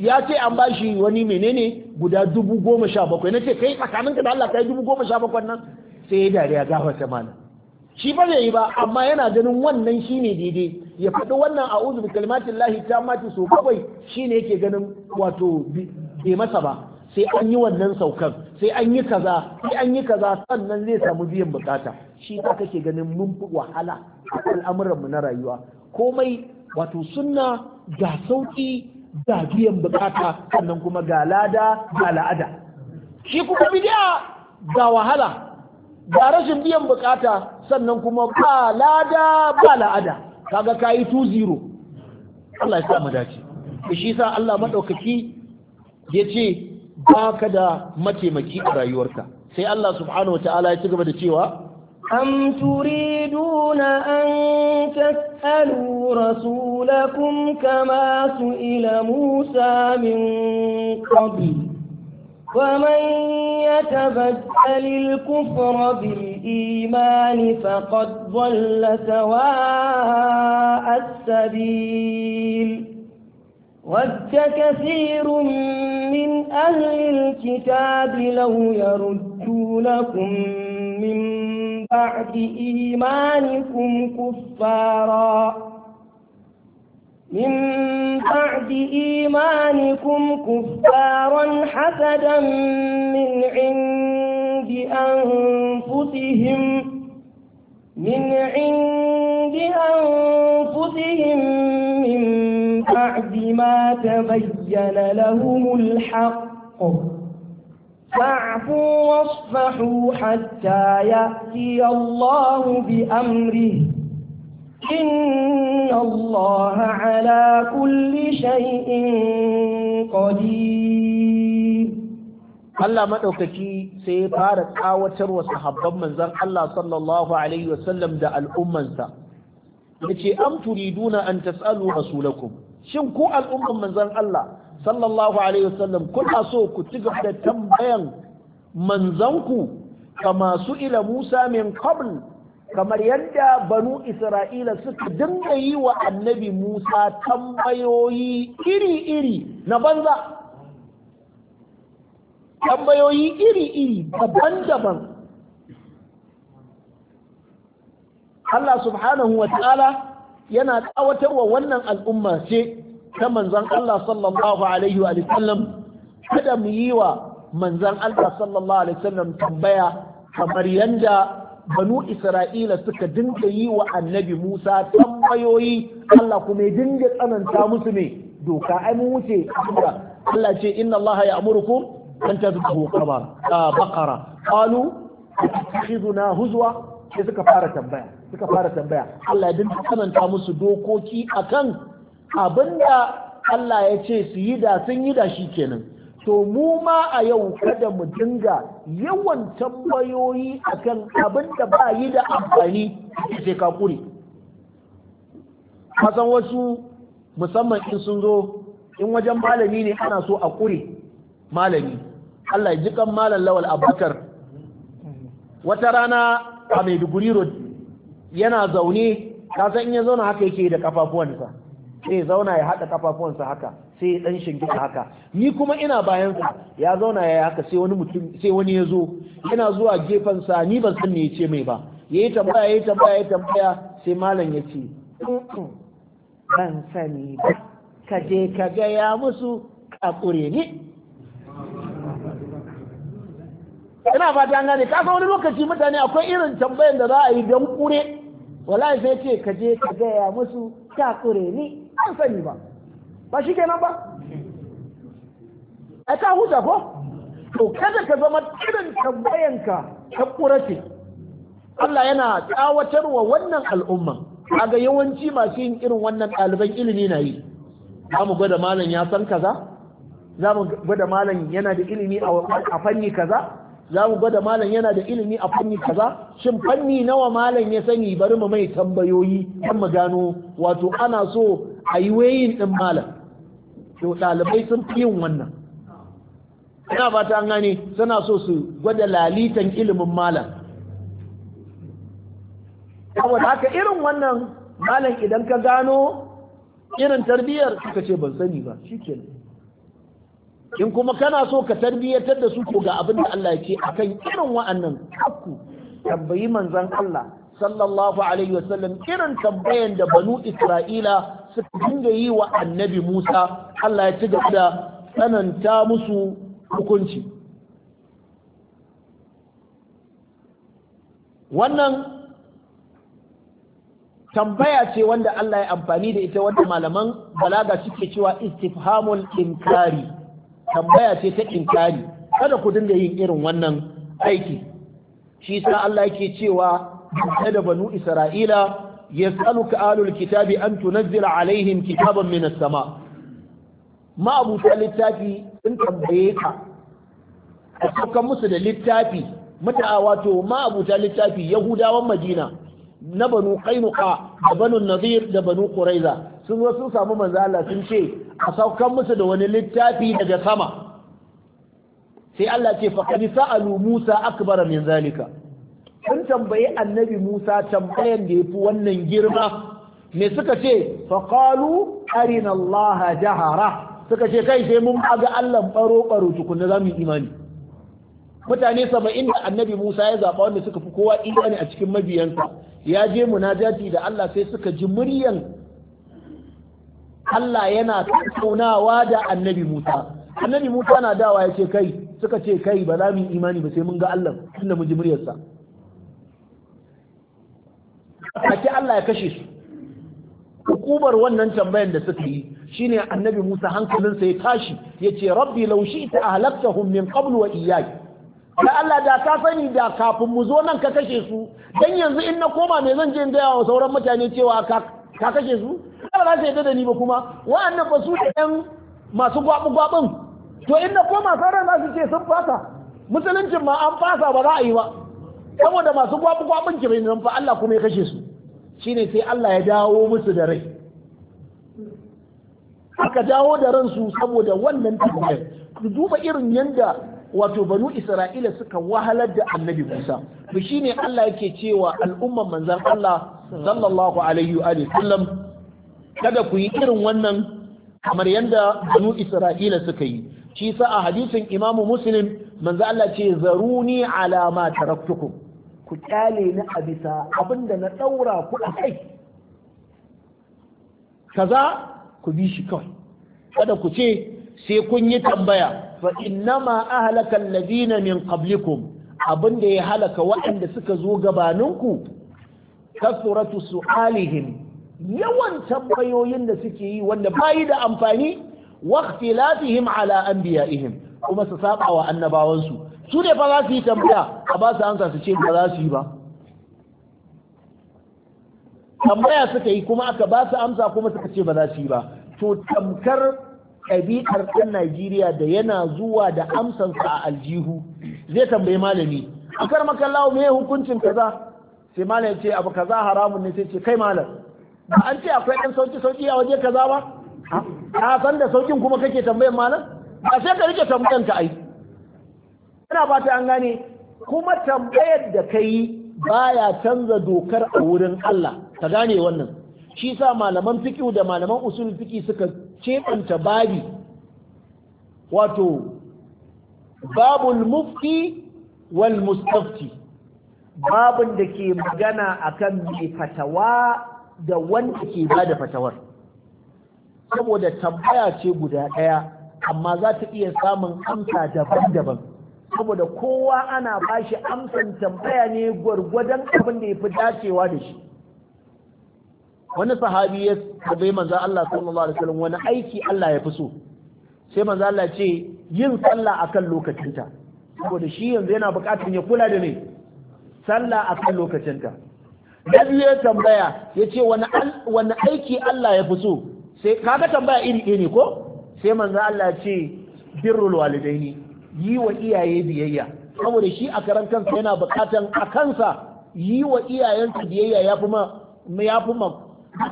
ya ce an bashi wani menene guda dubu goma sha bakwai na ce kai tsakaninka da Allah kai dubu goma sha bakwai nan sai ya dariya gafar ta mana shi ba zai yi ba amma yana ganin wannan shine daidai ya faɗi wannan a uzu bi kalimatin lahi ta mati so bakwai shine yake ganin wato bai masa ba sai an yi wannan saukan sai an yi kaza sai an yi kaza sannan zai samu biyan bukata shi ta kake ganin mun fi wahala a mu na rayuwa komai wato sunna ga sauki ga biyan bukata sannan kuma ga lada ga la'ada shi kuma bidiya ga wahala ga rashin biyan bukata sannan kuma ba lada ba la'ada kaga kayi 2-0 Allah ya sa mu dace shi sa Allah madaukaki ya ce ba ka da mataimaki a rayuwarka sai Allah subhanahu wa ta'ala ya ci gaba da cewa أم تريدون أن تسألوا رسولكم كما سئل موسى من قبل ومن يتبدل الكفر بالإيمان فقد ضل سواء السبيل ود كثير من أهل الكتاب لو يردونكم بعد إيمانكم كفارا من بعد إيمانكم كفارا حسدا من عند أنفسهم من عند أنفسهم من بعد ما تبين لهم الحق فاعفوا واصفحوا حتى يأتي الله بأمره إن الله على كل شيء قدير Allah maɗaukaki sai ya fara ƙawatar wa sahabban manzon Allah sallallahu da al'ummansa, ya ce, Am turiduna an shin ku al'ummar manzon Allah sallallahu alaihi wasallam kuna so ku ci gaba da tambayan manzanku kama su ila Musa min qabl kamar yadda banu Isra'ila suka dinga yi wa annabi Musa tambayoyi iri-iri na banza tambayoyi iri-iri daban-daban Allah subhanahu wa ta'ala yana wa wannan al'umma ce ta Manzan Allah sallallahu alaihi wa sallam kada mu yi wa Manzan Allah sallallahu alaihi wa sallam tambaya kamar yanda banu Isra'ila suka dinga yi wa annabi Musa tambayoyi Allah kuma ya dinga tsananta musu ne doka ai mun wuce Allah ce inna Allah ya amurku an tazbahu baqara qalu na huzwa sai suka fara tambaya suka fara tambaya Allah ya dinga tsananta musu dokoki akan abinda Allah ya ce su yi da sun yi da shi kenan to mu ma a yau kada mu dinga yawan tambayoyi akan abin da ba yi da amfani sai ka kure kasan wasu musamman in sun zo in wajen malami ne ana so a kure malami Allah ya ji kan malam lawal abubakar wata rana a maiduguri road yana zaune kasan in ya zauna haka yake da kafafuwansa sai zauna ya haɗa kafafuwansa haka sai ya ɗan shingida haka ni kuma ina bayansa ya zauna ya haka sai wani mutum sai wani ya zo yana zuwa gefensa ni ban san me ya ce mai ba ya yi tambaya ya yi tambaya ya tambaya sai malam ya ce ban sani ba ka je ka gaya musu a ƙure ni ina fata an gane san wani lokaci mutane akwai irin tambayan da za a yi don ƙure wala sai ce ka je ka gaya musu ka ƙure ni an sani ba ba shi kenan ba a ta huta ko to kada ka zama irin tambayanka ta kurace Allah yana tsawatarwa wannan al'umma kaga yawanci masu yin irin wannan ɗaliban ilimi na yi za mu gwada malam ya san kaza za mu gwada malam yana da ilimi a fanni kaza za mu gwada malam yana da ilimi a fanni kaza shin fanni nawa malam ya sani bari mu mai tambayoyi kan mu gano wato ana so a yi wayin ɗin malam to ɗalibai sun fi yin wannan ina ba ta gane suna so su gwada lalitan ilimin malam saboda haka irin wannan malam idan ka gano irin tarbiyyar suka ce ban sani ba shikenan in kuma kana so ka tarbiyyatar da su ko ga abin da Allah ya ce akan irin wa'annan hakku tambayi manzon Allah sallallahu alaihi wasallam irin tambayan da banu Isra'ila suka dinga yi wa annabi Musa Allah ya ci gaba da tsananta musu hukunci wannan tambaya ce wanda Allah ya amfani da ita wanda malaman balaga suke cewa istifhamul inkari tambaya ce ta inkari kada ku dinga yin irin wannan aiki shi sa Allah yake cewa da banu Isra'ila yas'aluka ahlul kitabi an tunzila alaihim kitaban min as-sama ma littafi in tambaye ka a saukan musu da littafi mata wato ma abu littafi yahudawan madina na banu qainuqa da banu nadir da banu quraiza sun zo sun samu manzo Allah sun ce a saukan musu da wani littafi daga sama sai Allah ce faqad sa'alu Musa akbara min zalika sun tambayi annabi Musa tambayan da yafi wannan girma me suka ce faqalu arina Allah jahara suka ce kai sai mun ga Allah baro baro tukunna zamu imani mutane 70 da annabi Musa ya zaba wanda suka fi kowa imani a cikin mabiyansa ya je munajati da Allah sai suka ji muryan Allah yana tattaunawa da annabi Musa annabi Musa na dawa ya ce kai suka ce kai ba za mu imani ba sai mun ga Allah tunda mun ji muryarsa take Allah ya kashe su hukumar wannan tambayar da suka yi shine annabi Musa hankalinsa ya tashi ya ce rabbi ta shi'ta hun min qabl wa iyayi da Allah da ka sani da kafin mu zo nan ka kashe su dan yanzu in na koma me zan je in gaya wa sauran mutane cewa ka kashe su ba za su yi da ni ba kuma wa'annan ba su da yan masu gwabu gwabun to in na koma sauran za su ce sun fasa musuluncin ma an fasa ba za a yi ba saboda masu gwabu-gwabun kirai nan fa Allah kuma ya kashe su shine sai Allah ya dawo musu da rai aka dawo da ransu saboda wannan tambayar ku duba irin yanda wato banu isra'ila suka wahalar da annabi musa to shine Allah yake cewa al'umman manzan Allah sallallahu alaihi wa sallam kada ku yi irin wannan kamar yanda banu isra'ila suka yi shi sa a hadisin imamu muslim manzo Allah ce zaruni ala ma taraktukum ku kyale ni a bisa abinda na ɗaura ku a kai kaza ku bi shi kawai kada ku ce sai kun yi tambaya fa innama ahlaka alladhina min qablikum abinda ya halaka waɗanda suka zo gabaninku kasuratu su'alihim yawan tambayoyin da suke yi wanda bayi da amfani wa ikhtilafihim ala anbiya'ihim kuma su saba wa annabawansu su ne fa za su yi tambaya a ba su ansa su ce ba za su yi ba tambaya suka yi kuma aka ba su amsa kuma suka ce ba za su yi ba to tamkar ɗabi'ar ɗan Najeriya da yana zuwa da amsansa a aljihu zai tambayi malami a kar makallawo me hukuncin kaza sai malam ce abu kaza haramun ne sai ce kai malam ba an ce akwai ɗan sauki sauki a waje kaza ba a san da saukin kuma kake tambayan malam ba sai ka rike tambayan ka ai ina ba an gane kuma tambayar da ka yi baya canza dokar a wurin Allah ka gane wannan shi sa malaman fiqh da malaman usul fiki suka cebanta babi wato babul mufti wal mustafti babin da ke magana akan mai fatawa da wanda ke ba da fatawar saboda tambaya ce guda ɗaya amma za ta iya samun amsa daban-daban saboda kowa ana ba shi amsan tambaya ne gwargwadon abin da ya fi dacewa da shi wani sahabi ya tabe manzo Allah sallallahu alaihi wasallam wani aiki Allah ya fi so sai manzo Allah ce yin sallah akan lokacinta saboda shi yanzu yana buƙatar ya kula da me sallah akan lokacinta da ya tambaya ya ce wani aiki Allah ya fi so sai kaga tambaya iri iri ko sai manzo Allah ce birrul walidaini yi wa iyaye biyayya saboda shi a karan kansa yana bukatan a kansa yi wa iyayensa biyayya ya fi ma ya fi ma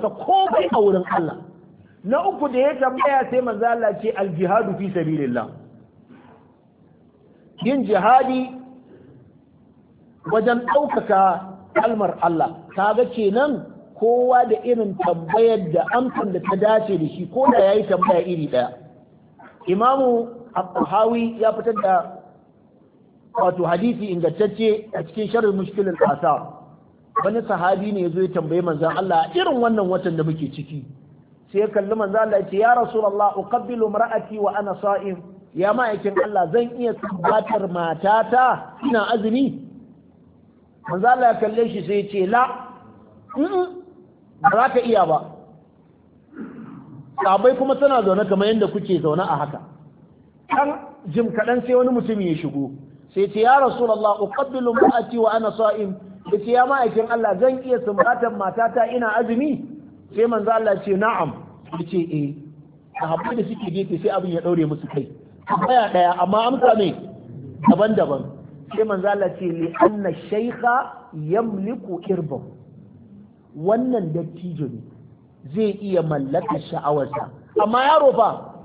ko bai a wurin Allah na uku da ya tambaya sai manzo Allah ce al fi sabilillah yin jihadi wajen ɗaukaka kalmar Allah kaga kenan kowa da irin tambayar da amsar da ta dace da shi ko da yayi tambaya iri ɗaya imamu al-Tahawi ya fitar da wato hadisi ingantacce a cikin sharh mushkilin al-asar wani sahabi ne yazo ya tambaye manzon Allah irin wannan watan da muke ciki sai ya kalli manzon Allah ya ya rasulullah uqabbilu mar'ati wa ana sa'im ya ma'aikin Allah zan iya tabbatar matata ina azumi manzon Allah ya kalle shi sai ya ce la ba za ka iya ba sabai kuma tana zaune kamar yadda kuke zaune a haka dan jim kaɗan sai wani mutum ya shigo sai ce ya rasulullah uqabbilu ma'ati wa ana sa'im in. ya ma'aikin Allah zan iya mata matata ina azumi sai manzo Allah ce na'am ce eh sahabbai da suke gefe sai abin ya daure musu kai baya daya amma amsa ne daban-daban sai manzo Allah ce li anna shaykha yamliku irbahu wannan dattijo ne zai iya mallakar sha'awarsa amma yaro fa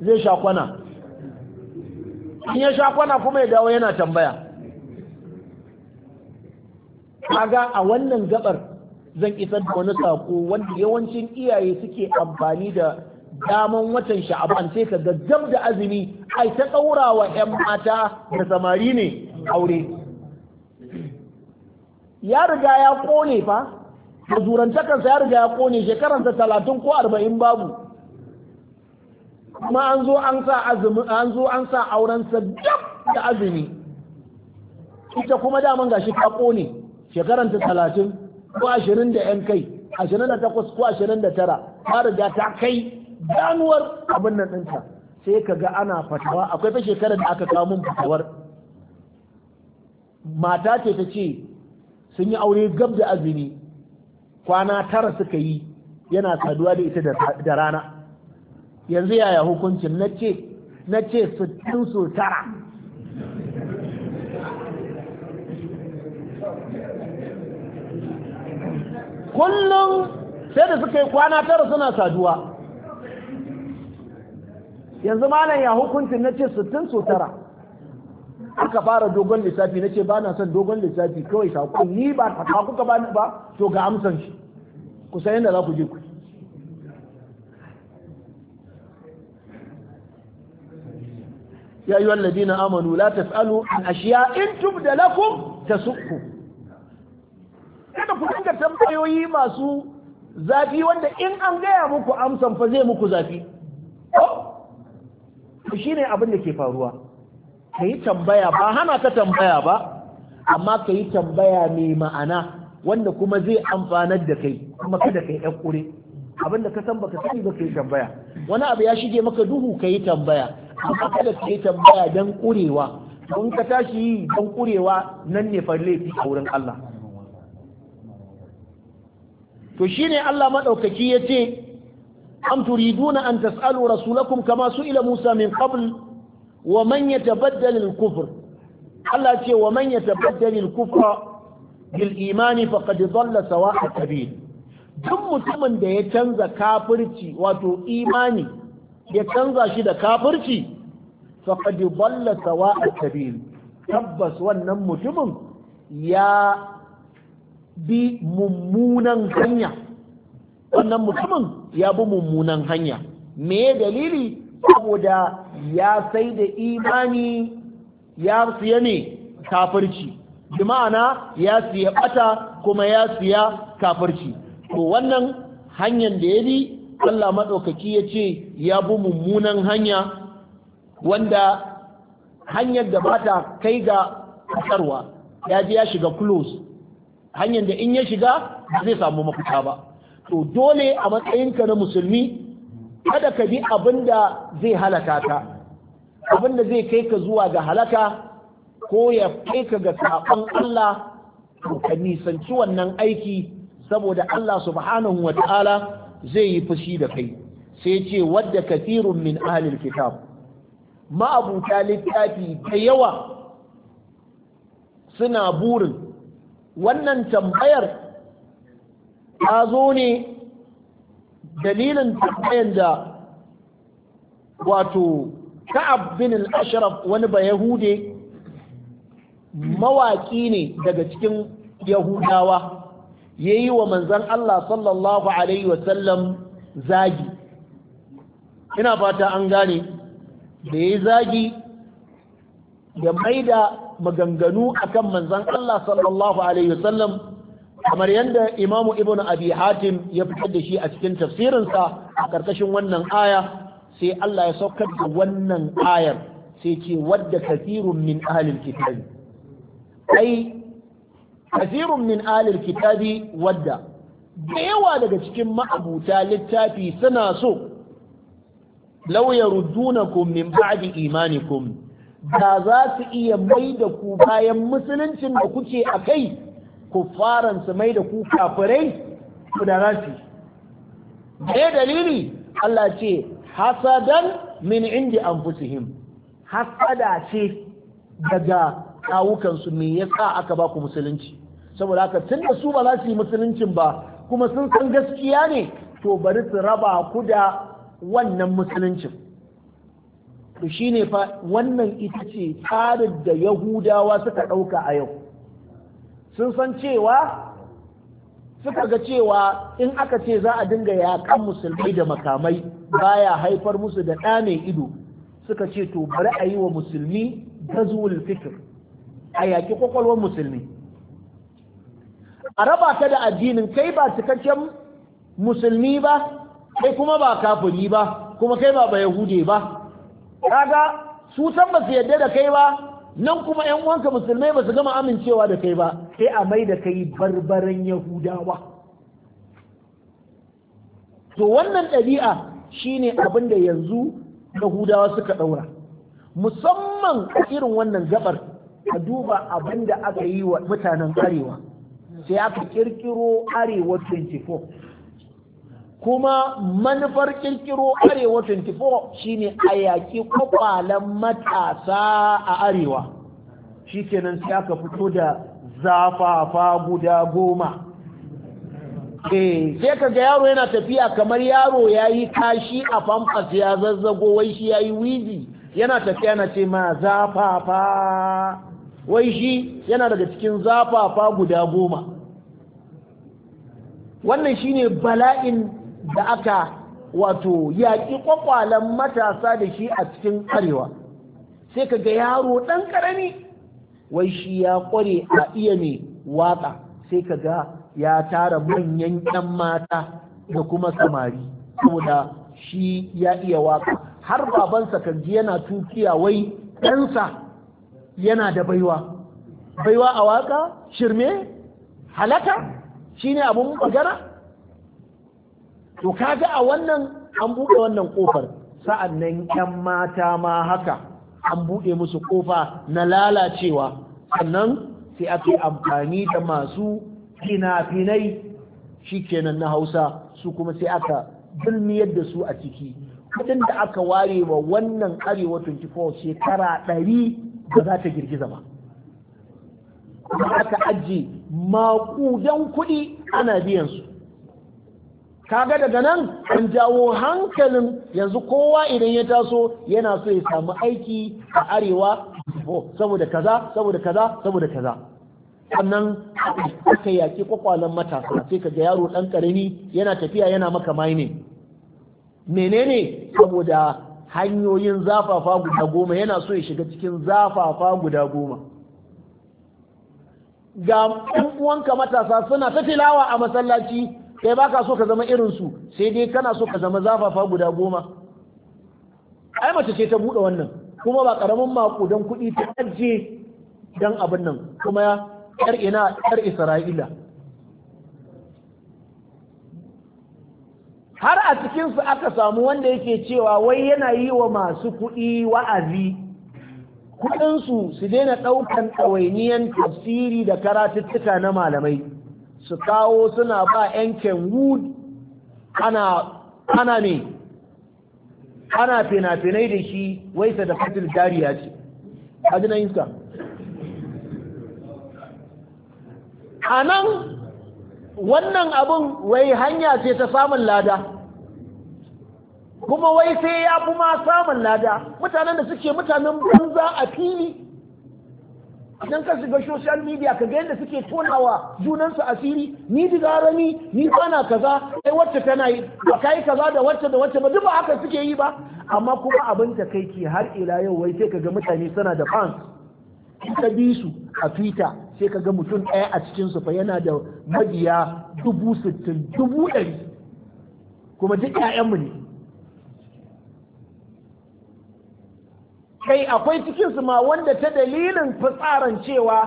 zai sha kwana in ya sha kwana kuma ya dawo yana tambaya kaga a wannan gabar zan isar da wani sako wanda yawancin iyaye suke amfani da daman watan sha'aban sai ka gaggab da azumi ai ta tsaurawa 'yan mata da samari ne aure ya riga ya kone fa da zurantakarsa ya riga ya kone shekaransa talatin ko arba'in babu kuma an zo an sa azumi an zo an sa auren sa duk da azumi ita kuma daman gashi ta kone shekaran ta 30 ko 20 da yan kai 28 ko 29 ta riga ta kai ganuwar abin nan ɗinta sai ka ga ana fatawa akwai fa shekarar da aka kawo mun fatawar mata ce ta ce sun yi aure gab da azumi kwana tara suka yi yana saduwa da ita da rana yanzu yaya hukuncin na ce na ce sittin so tara kullum sai da suka yi kwana tara suna saduwa yanzu malam ya hukuncin na ce sittin so tara aka fara dogon lissafi na ce ba na son dogon lissafi kawai sakon ni ba ta kuka ba ba to ga amsan shi ku san yadda za ku je ku ya ayyuhal ladina amanu la tasalu an ashiya in tubda lakum tasukku kada ku dinga tambayoyi masu zafi wanda in an gaya muku amsan fa zai muku zafi shi ne abin da ke faruwa ka yi tambaya ba hana ka tambaya ba amma ka yi tambaya mai ma'ana wanda kuma zai amfanar da kai kuma kada ka yi ɗan ƙure abin da ka san baka sani ba ka yi tambaya wani abu ya shige maka duhu ka yi tambaya amma kada ka yi tambaya don kurewa don ka tashi yi don ƙurewa nan ne farle laifi a wurin Allah to shine Allah maɗaukaki ya ce am turiduna an tas'alu rasulakum kama su'ila Musa min qabl wa man yatabaddal al Allah ce wa man yatabaddal al-kufra bil imani faqad dhalla sawa'a duk mutumin da ya canza kafirci wato imani ya canza shi da kafirci balla dalla a sabil tabbas wannan mutumin ya bi mummunan hanya wannan mutumin ya bi mummunan hanya me dalili saboda ya sai da imani ya siya ne kafirci bi ma'ana ya siya bata kuma ya siya kafirci to wannan hanyar da ya bi Allah maɗaukaki ya ce ya bi mummunan hanya wanda hanyar da bata kai ga kasarwa ya ji ya shiga close hanyar da in ya shiga ba zai samu mafita ba to dole a matsayinka na musulmi kada ka bi abin da zai halaka ka abin da zai kai ka zuwa ga halaka ko ya kai ka ga saƙon Allah to ka nisanci wannan aiki saboda Allah subhanahu wa ta'ala zai yi fushi da kai sai ce wadda kathirun min ahlil kitab ma'abuta littafi da yawa suna burin wannan tambayar ta zo ne dalilin tambayan da wato ka'ab bin al-ashraf wani ba yahude mawaki ne daga cikin yahudawa ya yi wa manzan Allah sallallahu alaihi wasallam zagi ina fata an gane da ya zagi da maida maganganu akan manzon Allah sallallahu alaihi wasallam kamar yadda imamu ibn abi hatim ya fitar da shi a cikin tafsirinsa a karkashin wannan aya sai Allah ya saukar da wannan ayar sai ce wadda kafirun min ahlil kitabi ai kafirun min ahlil kitabi wadda da yawa daga cikin ma'abuta littafi suna so law yarudunakum min ba'di imanikum da za su iya mai da ku bayan musuluncin da kuke a kai kuffaran su mai da ku kafirai ku da me dalili Allah ce hasadan min indi anfusihim hasada ce daga kawukansu me yasa aka ba ku musulunci saboda haka tun da su ba za su yi musuluncin ba kuma sun san gaskiya ne to bari su raba ku da wannan musuluncin to shine fa wannan ita ce tsarin da yahudawa suka ɗauka a yau sun san cewa suka ga cewa in aka ce za a dinga yaƙan musulmai da makamai baya haifar musu da ɗa mai ido suka ce to bari a yi wa musulmi gazul fikir a yaƙi kwakwalwar musulmi a raba ta da addinin kai ba cikakken musulmi ba kai kuma ba kafiri ba kuma kai ba ba yahude ba kaga su san ba su yadda da kai ba nan kuma yan uwanka musulmai ba su gama amincewa da kai ba sai a mai da kai barbaran yahudawa to wannan ɗabi'a shine abin da yanzu yahudawa suka ɗaura musamman a irin wannan gabar a duba abin da aka yi wa mutanen arewa sai aka kirkiro arewa 24 kuma manufar kirkiro arewa 24 shine a yaƙi kwakwalen matasa a arewa shi kenan sai aka fito da zafafa guda goma eh sai ka ga yaro yana tafiya kamar yaro ya yi kashi a famfas ya zazzago wai shi ya yi wizi yana tafiya na ce ma zafafa wai shi yana daga cikin zafafa guda goma wannan shine bala'in da aka wato yaƙi kwakwalen matasa da shi a cikin arewa sai ka ga yaro ɗan ƙarami wai shi ya ƙware a iya mai waƙa sai ka ga ya tara manyan 'yan mata da kuma samari saboda shi ya iya waƙa har babansa kan ji yana tukiya wai ɗansa yana da baiwa baiwa a waƙa shirme halaka shine abun magana to kaga a wannan an buɗe wannan ƙofar, sa'an nan ƴan mata ma haka an buɗe musu ƙofa na lalacewa sannan sai ake amfani da masu fina-finai shikenan na hausa su kuma sai aka dulmiyar da su a ciki kudin da aka ware wa wannan arewa 24 shekara ɗari ba za ta girgiza ba kuma aka ajiye maƙudan kuɗi ana biyan su kaga daga nan an jawo hankalin yanzu kowa idan ya taso yana so ya samu aiki a arewa oh, saboda kaza saboda kaza saboda kaza sannan aka yaki kwakwalen matasa sai ka ga yaro dan karami yana tafiya yana maka mining menene saboda hanyoyin zafafa guda goma yana so ya shiga cikin zafafa guda goma ga uwanka matasa suna ta filawa a masallaci kai ba ka so ka zama irin su, sai dai kana so ka zama zafafa guda goma ai mace ce ta buɗe wannan kuma ba ƙaramin don kuɗi ta ajiye don abin nan kuma yar ina yar isra'ila har a cikinsu aka samu wanda yake cewa wai yana yi wa masu kuɗi wa'azi kuɗinsu su daina ɗaukan ɗawainiyan tafsiri da karatuttuka na malamai su kawo suna ba 'yan kenwood ana ana ne ana fina-finai da shi waisa da fatil dariya ce na iska a nan wannan abin wai hanya ce ta samun lada kuma wai sai ya fi ma samun lada mutanen da suke mutanen banza a fili idan ka shiga social media ka ga yadda suke tonawa junansu asiri ni ji ni ni kaza ai wacce tana yi kai kaza da wacce da wacce ba duk ba haka suke yi ba amma kuma abin ta kai ki har ila yau wai sai ka ga mutane suna da fans in ka bi su a twitter sai ka ga mutum ɗaya a cikin su fa yana da mabiya dubu sittin dubu ɗari kuma duk ƴaƴanmu ne kai akwai cikinsu ma wanda ta dalilin fitsaran cewa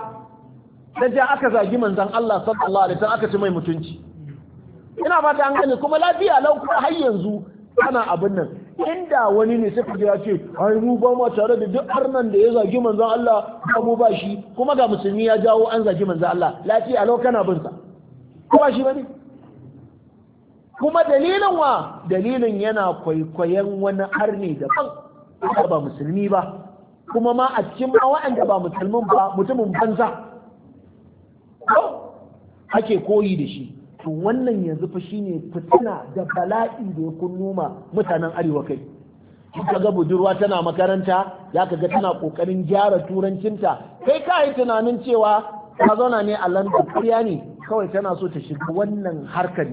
da ja aka zagi manzan Allah sallallahu alaihi wasallam aka ci mai mutunci ina ba ta hankali kuma lafiya lau ko har yanzu ana abin nan inda wani ne suka ji ya ce ai mu ba mu tare da duk arnan da ya zagi manzan Allah ba mu ba shi kuma ga musulmi ya jawo an zagi manzan Allah lafiya lau kana bin sa ko ba shi bane kuma dalilin wa dalilin yana kwaikwayon wani arni daban wanda ba musulmi ba kuma ma a cikin ma wa'anda ba musulmin ba mutumin banza ko ake koyi da shi to wannan yanzu fa shine fitina da bala'i da ya kunnuma mutanen arewa kai ki ka ga budurwa tana makaranta ya kaga tana kokarin gyara turancinta kai ka yi tunanin cewa ta zauna ne a london ne kawai tana so ta shiga wannan harkar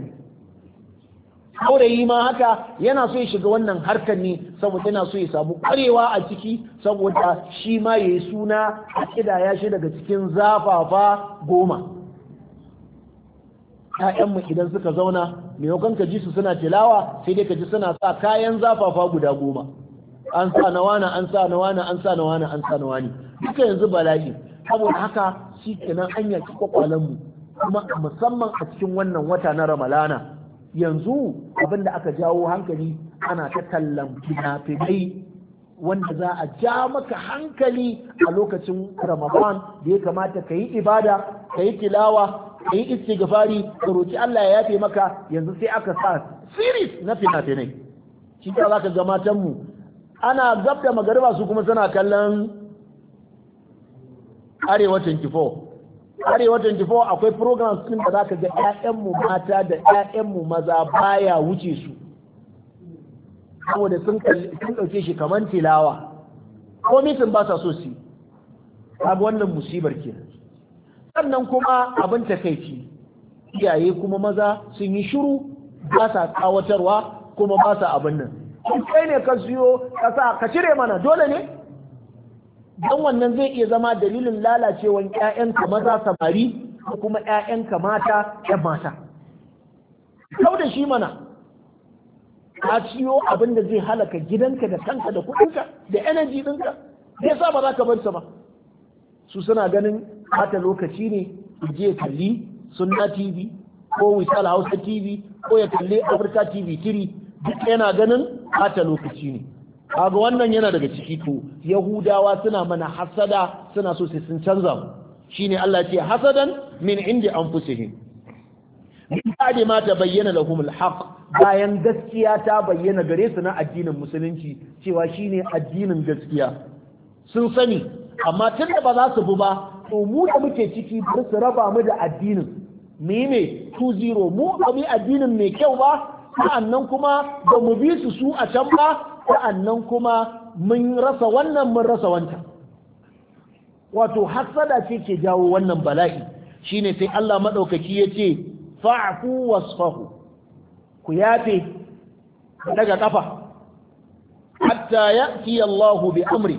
saurayi ma haka yana so ya shiga wannan harkar ne saboda yana so ya samu kwarewa a ciki saboda shi ma ya yi suna a ya shi daga cikin zafafa goma ‘ya'yanmu idan suka zauna yau ka ji su suna tilawa sai dai ka ji suna sa kayan zafafa guda goma an sa na wana an sa na wana an sa na wana an sa na wani duka yanzu bala'i saboda haka shi kenan an yaki mu, kuma musamman a cikin wannan wata na ramalana yanzu abin da aka jawo hankali ana ta tallan fina-finai wanda za a ja maka hankali a lokacin ramadan da ya kamata ka yi ibada ka yi tilawa ka yi istighfari ka roki Allah ya yafe maka yanzu sai aka sa series na fina-finai shi ta za ka ga matanmu ana gab magariba su kuma suna kallon arewa 24 arewa 24 akwai programs din da za ka ga 'ya'yanmu mata da 'ya'yanmu maza baya wuce su saboda sun ɗauke shi kamar tilawa ko mitin ba sa so su kaga wannan musibar ke. sannan kuma abin ta takaici iyaye kuma maza sun yi shiru ba sa tsawatarwa kuma ba sa abin nan kai ne ka siyo ka ka cire mana dole ne don wannan zai iya zama dalilin lalacewan ‘ya'yanka maza samari ko kuma ‘ya'yanka mata ‘yan mata kau da shi mana ka ciyo abin da zai halaka gidanka da kanka da kuɗinka da energy ɗinka zai sa ba za ka bar ba su suna ganin hata lokaci ne je kalli sunna tv ko wisal hausa tv ko ya kalli afirka tv 3 duk yana ganin hata lokaci ne kaga wannan yana daga ciki ko yahudawa suna mana hasada suna so sai sun canza mu shine Allah ce hasadan min indi anfusihim min ba'di ma bayyana lahum alhaq bayan gaskiya ta bayyana gare su na addinin musulunci cewa shine addinin gaskiya sun sani amma tunda ba za su bu ba to mu da muke ciki bari su raba mu da addinin mu yi mai mu ba mu addinin mai kyau ba sa'annan kuma ba mu bi su su a can ba sa'annan kuma mun rasa wannan mun rasa wancan wato hasada ce ke jawo wannan bala'i shine sai Allah maɗaukaki ya ce fa'afu wasfahu ku yafe daga kafa hatta ya'ti allahu bi amri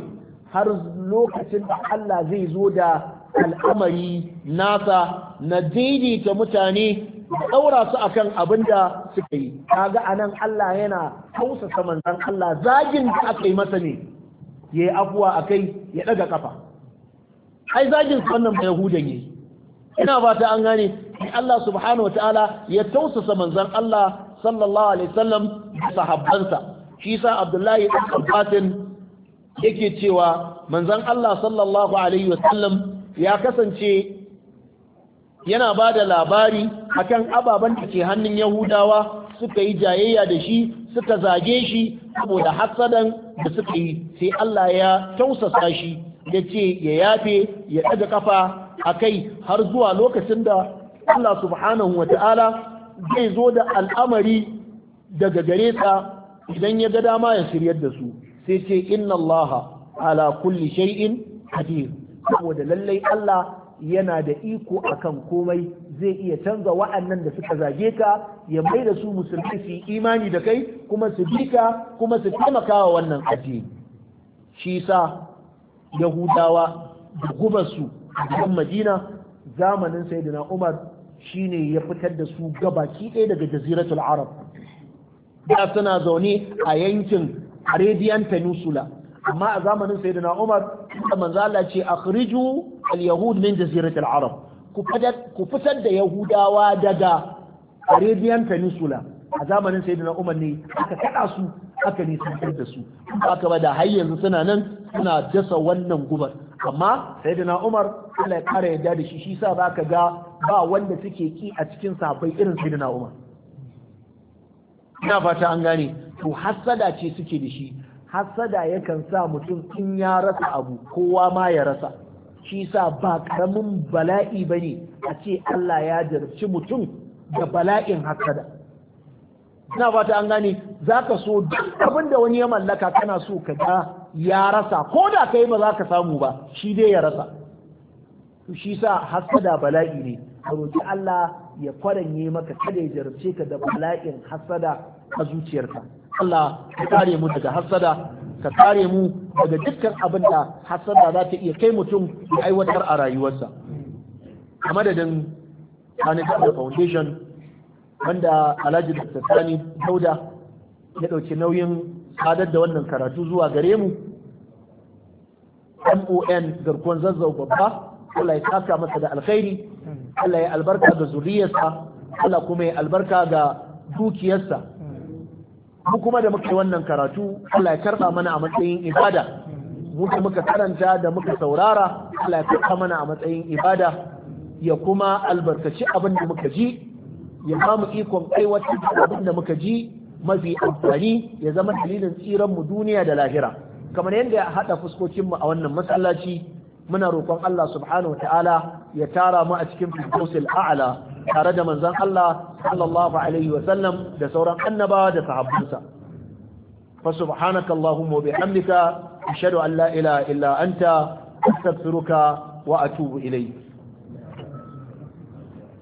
har lokacin da Allah zai zo da al'amari nasa na daidaita mutane daura su akan abin da suka yi kaga anan Allah yana tausasa manzon Allah zagin da aka yi masa ne ya yi afuwa a kai ya daga ƙafa. ai zagin wannan ba yahudan yi ina ba ta an gane Allah subhanahu ta'ala ya tausasa manzon Allah sallallahu alaihi wasallam da sahabbansa shi sa Abdullahi ibn Abbas yake cewa manzon Allah sallallahu alaihi wasallam ya kasance yana ba da labari akan ababen da ke hannun yahudawa suka yi jayayya da shi suka zage shi saboda hasadan da suka yi sai Allah ya tausasa shi ya ce ya yafe ya ɗaga kafa a kai har zuwa lokacin da Allah subhanahu wa ta'ala zai zo da al'amari daga gare sa idan ya ga dama ya shiryar da su sai ce inna Allah ala kulli shay'in qadir saboda lallai Allah yana da iko akan komai zai iya canza wa'annan da suka zage ka ya mai da su musulmi su yi imani da kai kuma su bi ka kuma su taimaka wa wannan addini shi sa yahudawa da su a madina zamanin sayyidina umar shine ya fitar da su gabaki ɗaya daga jaziratul arab da suna zaune a yankin arabian peninsula amma a zamanin sayyidina umar da manzo ce akhriju al-yahud min jaziratul arab ku fitar da yahudawa daga arabian peninsula a zamanin sayyidina umar ne aka kaɗa su aka nisantar da su aka ba da har yanzu suna nan suna dasa wannan gubar amma sayyidina umar Allah ya kara yadda da shi shi sa zaka ga ba wanda suke ki a cikin safai irin sayyidina umar ina fata an gane to hassada ce suke da shi hassada yakan sa mutum in ya rasa abu kowa ma ya rasa shi sa ba karamin bala'i ba ne a ce Allah ya jarci mutum da bala'in hasada ina fata an gane za ka so duk abin da wani ya mallaka kana so ka ga ya rasa ko da kai ba za ka samu ba shi dai ya rasa shi sa hasada bala'i ne ka roki Allah ya kwaranye maka kada ya jarabce ka da bala'in hasada a zuciyarka Allah ya kare mu daga hasada ka kare mu daga dukkan abin da hasada za ta iya kai mutum ya aiwatar a rayuwarsa a madadin Sani Foundation wanda Alhaji da Sani Dauda ya ɗauki nauyin sadar da wannan karatu zuwa gare mu MON garkuwan zazzau babba Allah ya taka masa da alkhairi Allah ya albarka ga zuriyarsa Allah kuma ya albarka ga dukiyarsa mu kuma da muka yi wannan karatu Allah ya mana a matsayin ibada mu da muka karanta da muka saurara Allah ya mana a matsayin ibada ya kuma albarkaci abin da muka ji ya ba mu ikon aiwatar da abin da muka ji mafi amfani ya zama dalilin tsiran mu duniya da lahira kamar yadda ya haɗa fuskokinmu a wannan masallaci muna roƙon Allah subhanahu wa ta'ala ya tara mu a cikin firdausil a'ala tare da manzon Allah sallallahu alaihi wa sallam da sauran annabawa da sahabbansa fa subhanaka allahumma wa bihamdika ashhadu an la ilaha illa anta astaghfiruka wa atubu ilayk